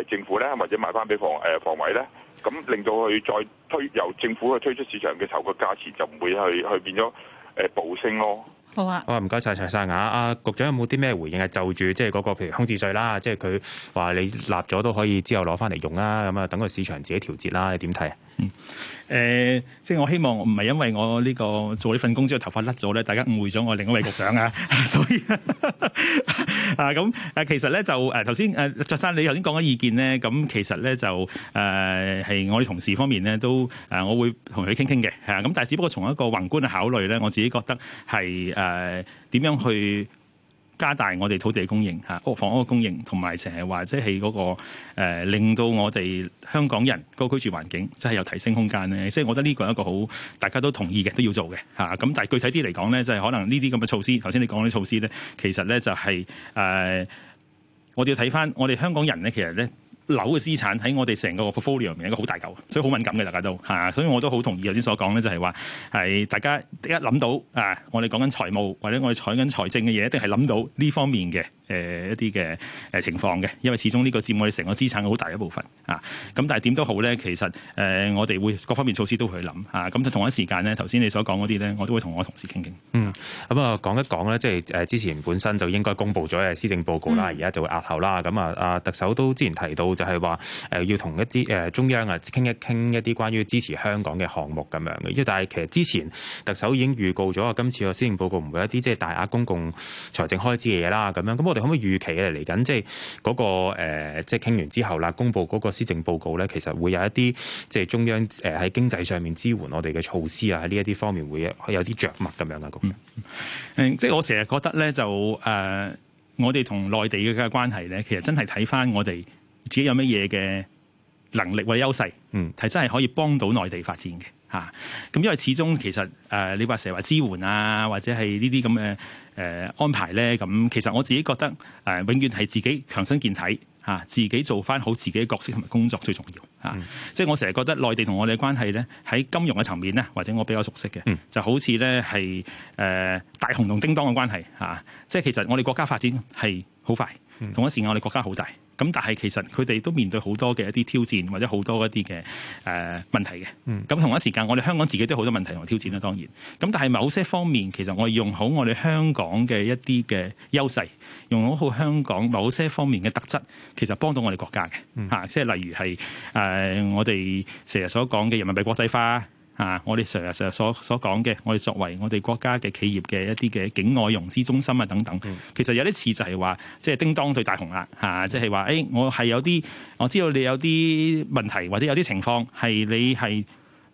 政府呢？或者賣翻俾房誒、呃、房委呢？咁令到佢再推由政府去推出市場嘅時候，個價錢就唔會去去變咗誒、呃、暴升咯。好啊！我唔該晒。陳生啊！阿局長有冇啲咩回應？係就住即係嗰個譬如空置稅啦，即係佢話你立咗都可以之後攞翻嚟用啊！咁啊，等個市場自己調節啦。你點睇？嗯，誒、呃，即係我希望唔係因為我呢個做呢份工之後頭髮甩咗咧，大家誤會咗我另一位局長啊，所以 啊，咁誒，其實咧就誒，頭先誒，卓生你頭先講嘅意見咧，咁、啊、其實咧就誒，係、啊、我哋同事方面咧都誒、啊，我會同佢傾傾嘅，咁、啊、但係只不過從一個宏觀嘅考慮咧，我自己覺得係誒，點、啊、樣去加大我哋土地供應吓，屋房屋嘅供應同埋成係話即係嗰個、呃、令到我哋香港人個居住環境真係有提升空間咧。即係我覺得呢個係一個好大家都同意嘅，都要做嘅吓，咁但係具體啲嚟講咧，就係可能呢啲咁嘅措施，頭先你講啲措施咧，其實咧就係誒，我哋要睇翻我哋香港人咧，其實咧。樓嘅資產喺我哋成個 portfolio 入面一個好大嚿，所以好敏感嘅大家都嚇，所以我都好同意頭先所講咧，就係話係大家一諗到啊，我哋講緊財務或者我哋採緊財政嘅嘢，一定係諗到呢方面嘅誒、呃、一啲嘅誒情況嘅，因為始終呢個佔我哋成個資產好大一部分啊。咁但係點都好咧，其實誒我哋會各方面措施都會去諗嚇。咁、啊、就同一時間咧，頭先你所講嗰啲咧，我都會同我同事傾傾、嗯。嗯，咁啊講一講咧，即係誒之前本身就應該公布咗嘅施政報告啦，而家就會押後啦。咁啊啊特首都之前提到。就係話誒，要同一啲誒、呃、中央啊，傾一傾一啲關於支持香港嘅項目咁樣嘅。因為但係其實之前特首已經預告咗，今次個施政報告唔會有一啲即係大額公共財政開支嘅嘢啦。咁樣咁，我哋可唔可以預期嚟緊即係嗰、嗰個、呃、即係傾完之後啦，公布嗰個施政報告咧，其實會有一啲即係中央誒喺、呃、經濟上面支援我哋嘅措施啊，喺呢一啲方面會有啲着墨咁樣嘅咁。誒、嗯，即係我成日覺得咧，就誒、呃、我哋同內地嘅關係咧，其實真係睇翻我哋。自己有乜嘢嘅能力或者優勢，嗯，係真係可以幫到內地發展嘅吓。咁因為始終其實誒、呃，你話成日話支援啊，或者係呢啲咁嘅誒安排咧，咁其實我自己覺得誒、呃，永遠係自己強身健體吓、啊，自己做翻好自己嘅角色同埋工作最重要嚇。啊嗯、即係我成日覺得內地同我哋嘅關係咧，喺金融嘅層面咧，或者我比較熟悉嘅，嗯、就好似咧係誒大雄同叮當嘅關係嚇、啊。即係其實我哋國家發展係好快，同一時間我哋國家好大。咁但係其實佢哋都面對好多嘅一啲挑戰，或者好多一啲嘅誒問題嘅。咁同一時間，我哋香港自己都有好多問題同挑戰啦。當然，咁但係某些方面，其實我哋用好我哋香港嘅一啲嘅優勢，用好香港某些方面嘅特質，其實幫到我哋國家嘅嚇。即係、嗯、例如係誒、呃，我哋成日所講嘅人民幣國際化。啊！我哋成日成日所所講嘅，我哋作為我哋國家嘅企業嘅一啲嘅境外融資中心啊，等等，其實有啲似就係話，即係叮當對大雄嚇，即係話，誒、哎，我係有啲我知道你有啲問題或者有啲情況係你係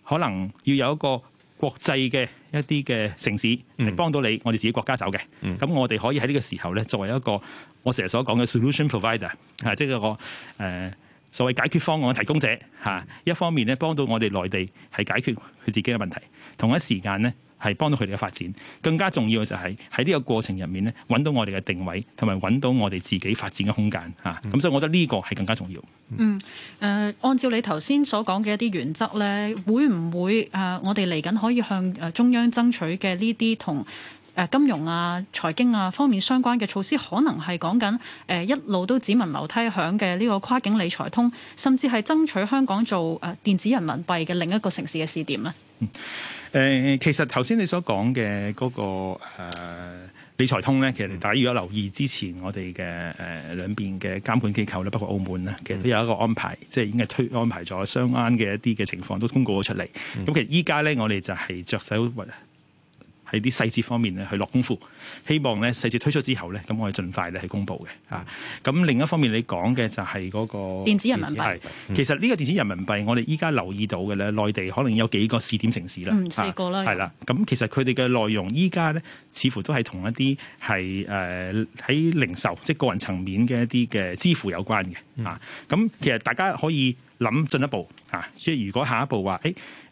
可能要有一個國際嘅一啲嘅城市嚟幫到你，我哋自己國家走嘅，咁我哋可以喺呢個時候咧作為一個我成日所講嘅 solution provider，係即係嗰個誒。呃所謂解決方案嘅提供者嚇，一方面咧幫到我哋內地係解決佢自己嘅問題，同一時間咧係幫到佢哋嘅發展。更加重要嘅就係喺呢個過程入面咧，揾到我哋嘅定位，同埋揾到我哋自己發展嘅空間嚇。咁所以，我覺得呢個係更加重要。嗯，誒、呃，按照你頭先所講嘅一啲原則咧，會唔會誒我哋嚟緊可以向誒中央爭取嘅呢啲同，誒、啊、金融啊、財經啊方面相關嘅措施，可能係講緊誒一路都只聞樓梯響嘅呢個跨境理財通，甚至係爭取香港做誒電子人民幣嘅另一個城市嘅試點咧。誒、嗯呃，其實頭先你所講嘅嗰個、呃、理財通咧，其實大家如果留意之前我哋嘅誒兩邊嘅監管機構咧，包括澳門呢，其實都有一個安排，即係已經係推安排咗相關嘅一啲嘅情況都通告咗出嚟。咁其實依家咧，我哋就係着手喺啲細節方面咧，去落功夫，希望咧細節推出之後咧，咁我哋盡快咧去公布嘅啊。咁、嗯、另一方面，你講嘅就係嗰個電子人民幣。民幣其實呢個電子人民幣，我哋依家留意到嘅咧，內地可能有幾個試點城市啦。嗯，試過啦。係啦的，咁、嗯、其實佢哋嘅內容依家咧，似乎都係同一啲係誒喺零售即係、就是、個人層面嘅一啲嘅支付有關嘅啊。咁、嗯嗯、其實大家可以諗進一步啊，即係如果下一步話，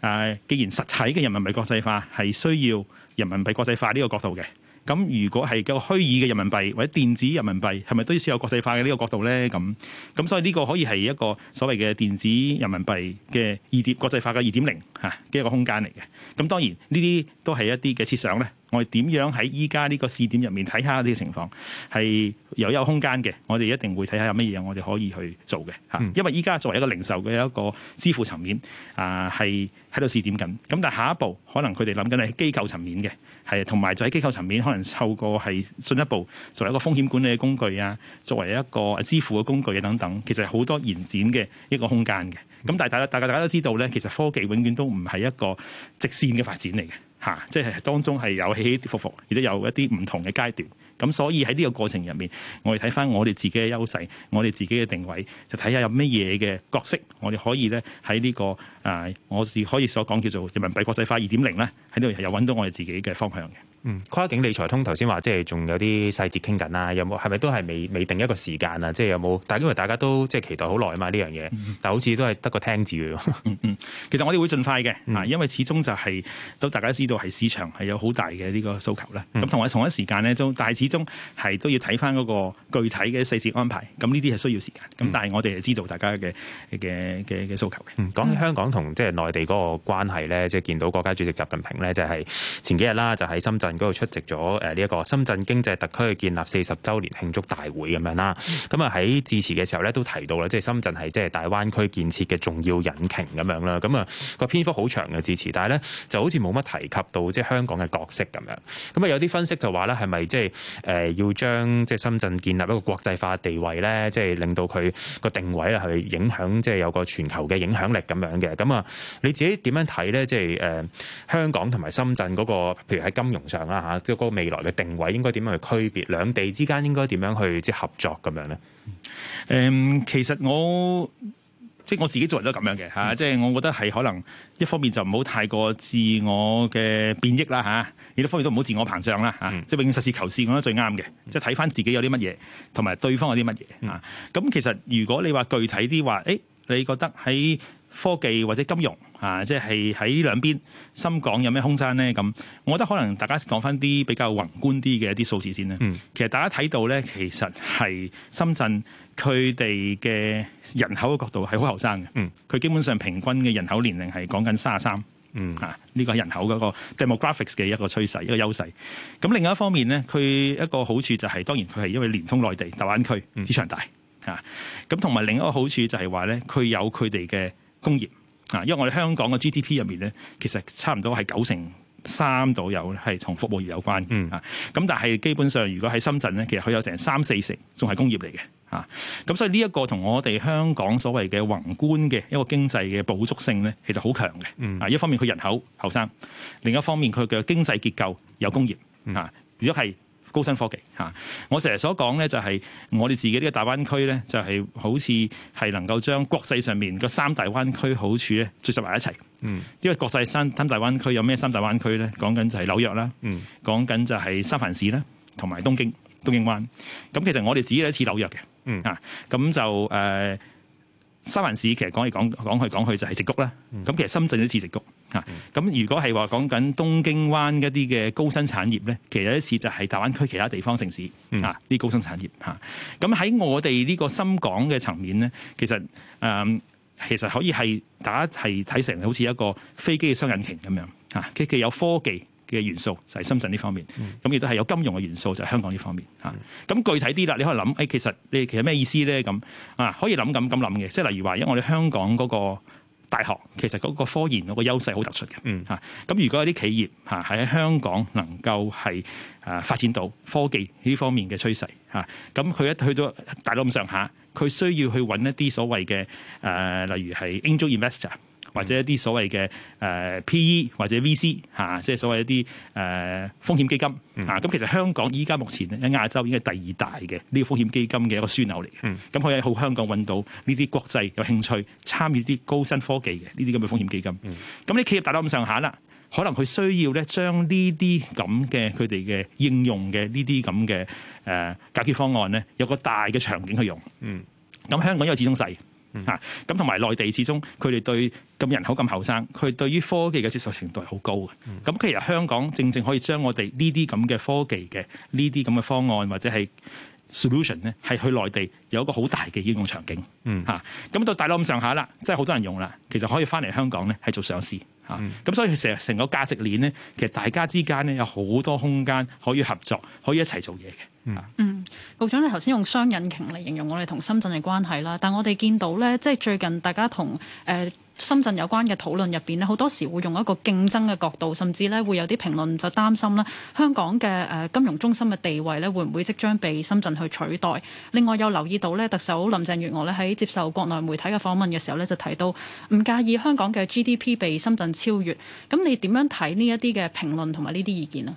誒，既然實體嘅人民幣國際化係需要。人民幣國際化呢個角度嘅。咁，如果係個虛擬嘅人民幣或者電子人民幣，係咪都要有國際化嘅呢個角度咧？咁咁，所以呢個可以係一個所謂嘅電子人民幣嘅二點國際化嘅二點零嚇嘅、啊、一個空間嚟嘅。咁當然呢啲都係一啲嘅設想咧。我哋點樣喺依家呢個試點入面睇下啲情況係有一個空間嘅，我哋一定會睇下有乜嘢我哋可以去做嘅嚇。嗯、因為依家作為一個零售嘅一個支付層面啊，係喺度試點緊。咁但係下一步可能佢哋諗緊係機構層面嘅，係同埋就喺機構層面可能透過係進一步作為一個風險管理嘅工具啊，作為一個支付嘅工具啊等等，其實好多延展嘅一個空間嘅。咁、嗯、但係大大家大家都知道咧，其實科技永遠都唔係一個直線嘅發展嚟嘅。嚇！即係當中係有起起伏伏，亦都有一啲唔同嘅階段。咁所以喺呢個過程入面，我哋睇翻我哋自己嘅優勢，我哋自己嘅定位，就睇下有咩嘢嘅角色，我哋可以咧喺呢個誒，我係可以所講叫做人民幣國際化二點零咧，喺呢度係有搵到我哋自己嘅方向嘅。嗯、跨境理財通頭先話，即係仲有啲細節傾緊啦，有冇係咪都係未未定一個時間啊？即係有冇？但因為大家都即係期待好耐啊嘛，呢樣嘢，嗯、但係好似都係得個聽字嘅、嗯嗯、其實我哋會盡快嘅，嗯、因為始終就係、是、都大家知道係市場係有好大嘅呢個訴求啦。咁同埋同一時間呢，都但係始終係都要睇翻嗰個具體嘅細節安排。咁呢啲係需要時間。咁、嗯、但係我哋係知道大家嘅嘅嘅嘅訴求。嘅、嗯。講起香港同即係內地嗰個關係咧，即係見到國家主席習近平呢，就係、是、前幾日啦，就喺深圳，嗰度出席咗誒呢一個深圳經濟特區嘅建立四十週年慶祝大會咁樣啦，咁啊喺致辭嘅時候咧都提到啦，即係深圳係即係大灣區建設嘅重要引擎咁樣啦，咁啊個篇幅好長嘅致辭，但係咧就好似冇乜提及到即係香港嘅角色咁樣，咁啊有啲分析就話咧係咪即係誒要將即係深圳建立一個國際化地位咧，即係令到佢個定位啦，去影響即係有個全球嘅影響力咁樣嘅，咁啊你自己點樣睇咧？即係誒香港同埋深圳嗰個，譬如喺金融上。啦嚇，即係嗰個未來嘅定位應該點樣去區別，兩地之間應該點樣去即係合作咁樣咧？誒、嗯，其實我即係我自己做人都咁樣嘅嚇，即係、嗯、我覺得係可能一方面就唔好太過自我嘅貶抑啦嚇，另一方面都唔好自我膨脹啦嚇，即係、嗯、永遠實事求是講得最啱嘅，即係睇返自己有啲乜嘢，同埋對方有啲乜嘢啊？咁其實如果你話具體啲話，誒，你覺得喺科技或者金融啊，即係喺兩邊深港有咩空間呢？咁，我覺得可能大家講翻啲比較宏觀啲嘅一啲數字先咧。嗯、其實大家睇到咧，其實係深圳佢哋嘅人口嘅角度係好後生嘅。佢、嗯、基本上平均嘅人口年齡係講緊三十三啊。呢個人口嗰個 demographics 嘅一個趨勢，一個優勢。咁另外一方面咧，佢一個好處就係、是、當然佢係因為連通內地、大灣區市場大、嗯、啊。咁同埋另一個好處就係話咧，佢有佢哋嘅。工業啊，因為我哋香港嘅 GDP 入面咧，其實差唔多係九成三左右咧，係同服務業有關嘅啊。咁、嗯、但係基本上，如果喺深圳咧，其實佢有成三四成仲係工業嚟嘅啊。咁所以呢一個同我哋香港所謂嘅宏觀嘅一個經濟嘅補足性咧，其實好強嘅、嗯、啊。一方面佢人口後生，另一方面佢嘅經濟結構有工業啊。如果係高新科技吓，我成日所講咧就係我哋自己呢個大灣區咧，就係好似係能夠將國際上面個三大灣區好處咧，聚集埋一齊。嗯，呢個國際三三大灣區有咩三大灣區咧？講緊就係紐約啦，講緊就係三藩市啦，同埋東京東京灣。咁其實我哋自己係似紐約嘅。嗯啊，咁就誒。呃三藩市其實講嚟講講去講去就係矽谷啦，咁其實深圳都似矽谷嚇。咁如果係話講緊東京灣一啲嘅高新產業咧，其實一似就係大灣區其他地方城市嚇啲高新產業嚇。咁喺我哋呢個深港嘅層面咧，其實誒、嗯、其實可以係大家係睇成好似一個飛機嘅雙引擎咁樣嚇，佢既有科技。嘅元素就係深圳呢方面，咁亦都係有金融嘅元素就係香港呢方面嚇。咁具體啲啦，你可以諗，誒、哎、其實你其實咩意思咧咁啊？可以諗咁咁諗嘅，即係例如話，因為我哋香港嗰個大學其實嗰個科研嗰、嗰個優勢好突出嘅嚇。咁、啊、如果有啲企業嚇喺、啊、香港能夠係誒發展到科技呢方面嘅趨勢嚇，咁佢一去到大陸咁上下，佢需要去揾一啲所謂嘅誒，例如係 Angel investor。或者一啲所謂嘅誒 PE 或者 VC 嚇、啊，即係所謂一啲誒、呃、風險基金嚇。咁、嗯啊、其實香港依家目前喺亞洲已經係第二大嘅呢、呢個風險基金嘅一個樞紐嚟嘅。咁可以喺香港揾到呢啲國際有興趣參與啲高新科技嘅呢啲咁嘅風險基金。咁啲企業達到咁上下啦，可能佢需要咧將呢啲咁嘅佢哋嘅應用嘅呢啲咁嘅誒解決方案咧，有一個大嘅場景去用。嗯。咁香港因為始終細。嚇！咁同埋內地始終佢哋對咁人口咁後生，佢對於科技嘅接受程度係好高嘅。咁其實香港正正可以將我哋呢啲咁嘅科技嘅呢啲咁嘅方案或者係 solution 咧係去內地有一個好大嘅應用場景，嚇，咁、嗯啊、到大陸咁上下啦，即係好多人用啦，其實可以翻嚟香港咧係做上市嚇，咁、啊嗯、所以成成個價值鏈咧，其實大家之間咧有好多空間可以合作，可以一齊做嘢嘅。嗯，嗯局長咧頭先用雙引擎嚟形容我哋同深圳嘅關係啦，但我哋見到咧，即係最近大家同誒。呃深圳有關嘅討論入邊咧，好多時會用一個競爭嘅角度，甚至咧會有啲評論就擔心咧，香港嘅誒金融中心嘅地位咧，會唔會即將被深圳去取代？另外又留意到咧，特首林鄭月娥咧喺接受國內媒體嘅訪問嘅時候咧，就提到唔介意香港嘅 GDP 被深圳超越。咁你點樣睇呢一啲嘅評論同埋呢啲意見咧？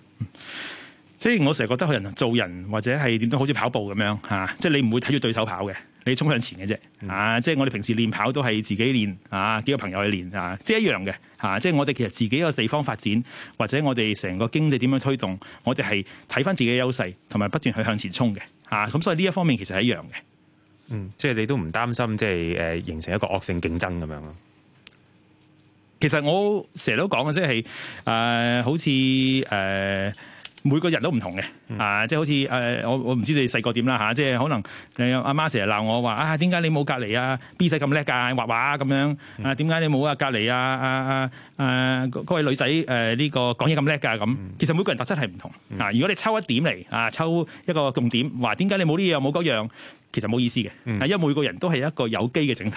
即係我成日覺得人做人或者係點都好似跑步咁樣吓，即係你唔會睇住對手跑嘅。你衝向前嘅啫，嗯、啊，即係我哋平時練跑都係自己練，啊，幾個朋友去練，啊，即係一樣嘅，啊，即係我哋其實自己個地方發展，或者我哋成個經濟點樣推動，我哋係睇翻自己嘅優勢，同埋不斷去向前衝嘅，啊，咁所以呢一方面其實係一樣嘅，嗯，即係你都唔擔心，即係誒形成一個惡性競爭咁樣咯。其實我成日都講嘅，即係誒，好似誒。呃每個人都唔同嘅、嗯啊呃，啊，即係好似誒，我我唔知你細個點啦嚇，即係可能阿媽成日鬧我話啊，點解你冇隔籬啊？B 仔咁叻㗎，畫畫咁樣，嗯、啊點解你冇啊隔籬啊啊啊誒，各位女仔誒呢個講嘢咁叻㗎咁，其實每個人特質係唔同啊。如果你抽一點嚟啊，抽一個重點話，點解你冇呢樣冇嗰樣，其實冇意思嘅，嗯、因為每個人都係一個有機嘅整體。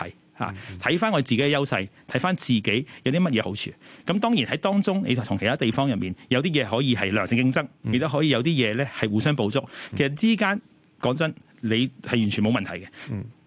睇翻我自己嘅優勢，睇翻自己有啲乜嘢好處。咁當然喺當中，你同其他地方入面有啲嘢可以係良性競爭，亦都可以有啲嘢咧係互相補足。其實之間講真，你係完全冇問題嘅。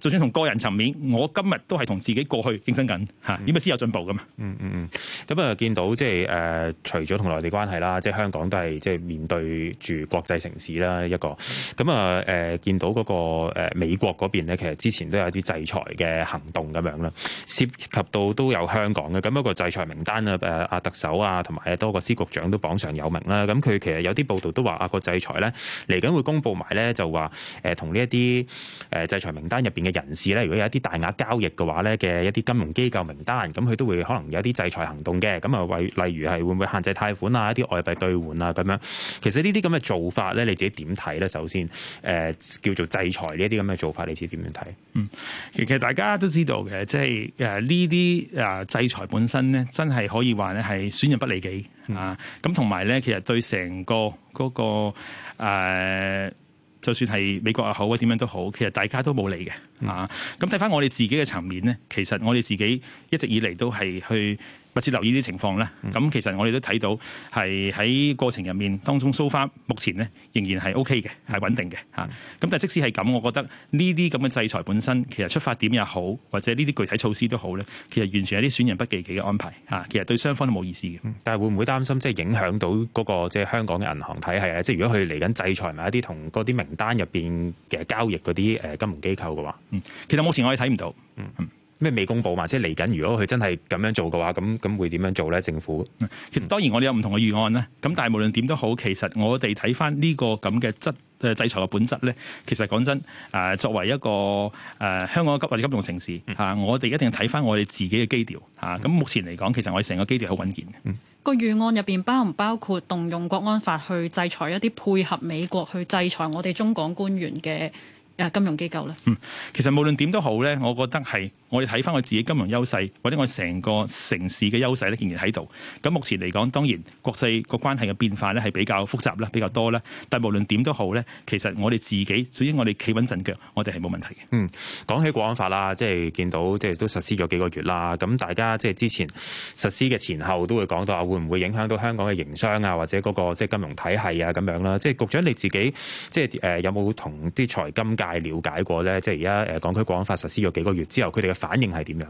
就算同個人層面，我今日都係同自己過去競爭緊，嚇，點解先有進步噶嘛，嗯。嗯嗯嗯，咁啊見到即係誒，除咗同內地關係啦，即係香港都係即係面對住國際城市啦一個。咁啊誒，嗯，見到嗰個美國嗰邊咧，其實之前都有啲制裁嘅行動咁樣啦，涉及到都有香港嘅。咁一個制裁名單啊，誒阿特首啊，同埋多個司局長都榜上有名啦。咁佢其實有啲報道都話啊，嗰個制裁咧嚟緊會公布埋咧，就話誒同呢一啲誒制裁名單入邊嘅。人士咧，如果有一啲大額交易嘅話咧，嘅一啲金融機構名單，咁佢都會可能有啲制裁行動嘅。咁啊，為例如係會唔會限制貸款啊、一啲外幣兌換啊咁樣。其實呢啲咁嘅做法咧，你自己點睇咧？首先，誒、呃、叫做制裁呢啲咁嘅做法，你自己點樣睇？嗯，其實大家都知道嘅，即係誒呢啲誒制裁本身咧，真係可以話咧係損人不利己、嗯、啊。咁同埋咧，其實對成個嗰、那個、呃就算係美國又好，或點樣都好，其實大家都冇理嘅。咁睇翻我哋自己嘅層面咧，其實我哋自己一直以嚟都係去密切留意啲情況咧，咁其實我哋都睇到係喺過程入面當中 so far，目前咧仍然係 OK 嘅，係穩定嘅嚇。咁但係即使係咁，我覺得呢啲咁嘅制裁本身，其實出發點也好，或者呢啲具體措施都好咧，其實完全係啲損人不利己嘅安排嚇。其實對雙方都冇意思嘅，嗯。但係會唔會擔心即係影響到嗰個即係香港嘅銀行體系啊？即係如果佢嚟緊制裁埋一啲同嗰啲名單入邊嘅交易嗰啲誒金融機構嘅話，嗯，其實目前我哋睇唔到，嗯嗯。咩未公布嘛？即係嚟緊，如果佢真係咁樣做嘅話，咁咁會點樣做呢？政府，其實當然我哋有唔同嘅預案呢。咁但係無論點都好，其實我哋睇翻呢個咁嘅質誒制裁嘅本質呢，其實講真，誒作為一個誒香港金或者金融城市吓，嗯、我哋一定要睇翻我哋自己嘅基調吓。咁、嗯、目前嚟講，其實我哋成個基調好穩健嘅。個預、嗯、案入邊包唔包括動用國安法去制裁一啲配合美國去制裁我哋中港官員嘅。啊，金融機構咧。嗯，其實無論點都好咧，我覺得係我哋睇翻我自己金融優勢，或者我成個城市嘅優勢咧，仍然喺度。咁目前嚟講，當然國際個關係嘅變化咧係比較複雜啦，比較多啦。但係無論點都好咧，其實我哋自己首先我哋企穩陣腳，我哋係冇問題嘅。嗯，講起國安法啦，即係見到即係都實施咗幾個月啦。咁大家即係之前實施嘅前後都會講到啊，會唔會影響到香港嘅營商啊，或者嗰、那個即係金融體系啊咁樣啦？即係局長你自己即係誒、呃、有冇同啲財金大了解過咧，即係而家誒，港區《國安法》實施咗幾個月之後，佢哋嘅反應係點樣咧？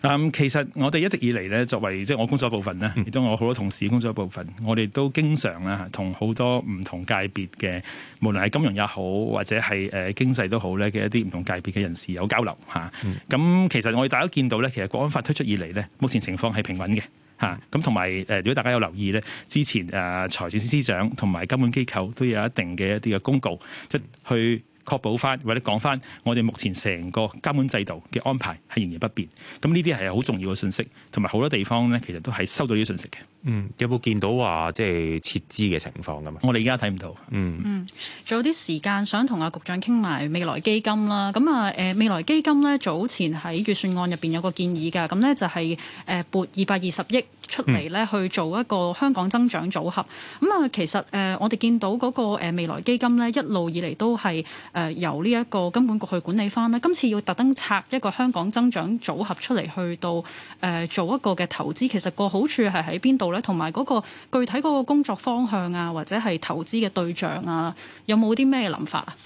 嗱，其實我哋一直以嚟咧，作為即係、就是、我工作一部分咧，亦都我好多同事工作一部分，我哋都經常啦，同好多唔同界別嘅，無論係金融也好，或者係誒經濟都好咧嘅一啲唔同界別嘅人士有交流嚇。咁、嗯、其實我哋大家都見到咧，其實《國安法》推出以嚟咧，目前情況係平穩嘅嚇。咁同埋誒，如果大家有留意咧，之前誒財政司司長同埋金管機構都有一定嘅一啲嘅公告即去。確保返或者講返，我哋目前成個監管制度嘅安排係仍然不變。咁呢啲係好重要嘅信息，同埋好多地方咧，其實都係收到呢啲信息嘅。嗯，有冇見到話即係撤資嘅情況咁啊？我哋而家睇唔到。嗯，嗯，仲有啲時間想同阿局長傾埋未來基金啦。咁啊，誒、呃、未來基金咧早前喺預算案入邊有個建議嘅，咁咧就係誒撥二百二十億出嚟咧去做一個香港增長組合。咁啊、嗯，其實誒、呃、我哋見到嗰、那個、呃、未來基金咧一路以嚟都係誒由呢一個金管局去管理翻啦。今次要特登拆一個香港增長組合出嚟去到誒做一個嘅投資，其實個好處係喺邊度？同埋嗰個具體嗰個工作方向啊，或者係投資嘅對象啊，有冇啲咩諗法啊？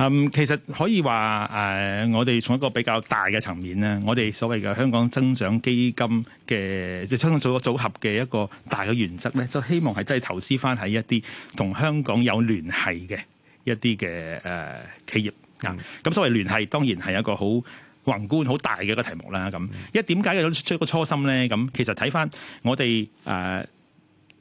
嗯，其實可以話誒、呃，我哋從一個比較大嘅層面咧，我哋所謂嘅香港增長基金嘅，即係香港組個組合嘅一個大嘅原則咧，就希望係真係投資翻喺一啲同香港有聯繫嘅一啲嘅誒企業啊。咁、嗯、所謂聯繫，當然係一個好，宏觀好大嘅一個題目啦，咁一點解有出出一個初心呢？咁其實睇翻我哋誒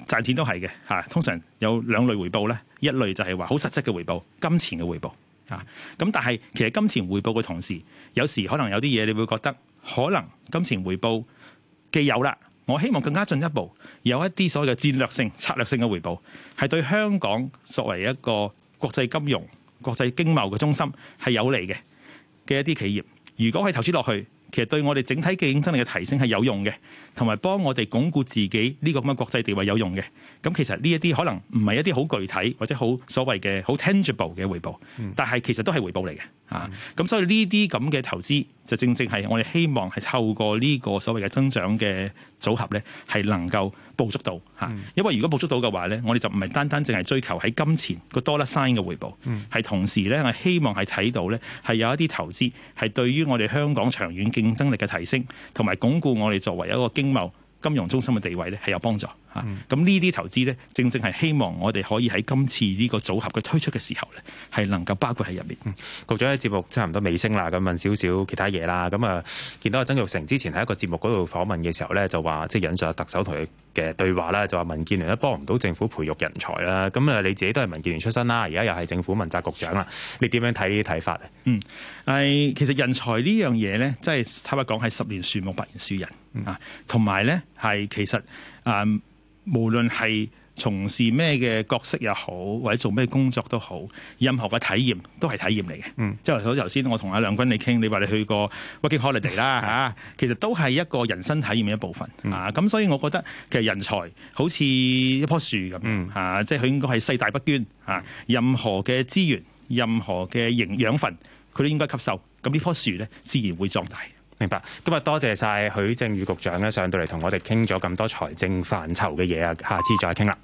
賺錢都係嘅嚇，通常有兩類回報咧，一類就係話好實質嘅回報，金錢嘅回報啊。咁但係其實金錢回報嘅同時，有時可能有啲嘢，你會覺得可能金錢回報既有啦，我希望更加進一步有一啲所謂嘅戰略性、策略性嘅回報，係對香港作為一個國際金融、國際經貿嘅中心係有利嘅嘅一啲企業。如果係投資落去，其實對我哋整體競爭力嘅提升係有用嘅，同埋幫我哋鞏固自己呢個咁嘅國際地位係有用嘅。咁其實呢一啲可能唔係一啲好具體或者好所謂嘅好 tangible 嘅回報，但係其實都係回報嚟嘅啊。咁、嗯、所以呢啲咁嘅投資。就正正係我哋希望係透過呢個所謂嘅增長嘅組合呢，係能夠捕捉到嚇。因為如果捕捉到嘅話呢，我哋就唔係單單淨係追求喺金錢個 dollar sign 嘅回報，係同時呢，我希望係睇到呢，係有一啲投資係對於我哋香港長遠競爭力嘅提升，同埋鞏固我哋作為一個經貿。金融中心嘅地位呢係有幫助嚇。咁呢啲投資呢，正正係希望我哋可以喺今次呢個組合嘅推出嘅時候呢，係能夠包括喺入面，嗯。局長喺節目差唔多尾聲啦，咁問少少其他嘢啦。咁、嗯、啊，見到阿曾鈺成之前喺一個節目嗰度訪問嘅時候呢，就話即係引述特首同佢嘅對話啦，就話民建聯都幫唔到政府培育人才啦。咁啊，你自己都係民建聯出身啦，而家又係政府問責局長啦，你點樣睇呢啲睇法呢？」嗯，係其實人才呢樣嘢呢，真係坦白講係十年樹木百年樹人。啊，同埋咧，係其實啊、嗯，無論係從事咩嘅角色又好，或者做咩工作都好，任何嘅體驗都係體驗嚟嘅。嗯，即係好似頭先我同阿梁君你傾，你話你去過 working holiday 啦嚇，其實都係一個人生體驗嘅一部分，嗯、啊。咁所以，我覺得其實人才好似一棵樹咁，嗯、啊，即係佢應該係細大不捐啊。任何嘅資源，任何嘅營養分，佢都應該吸收。咁呢棵樹咧，自然會壯大。明白，今日多謝晒許正宇局長咧，上到嚟同我哋傾咗咁多財政範疇嘅嘢啊，下次再傾啦。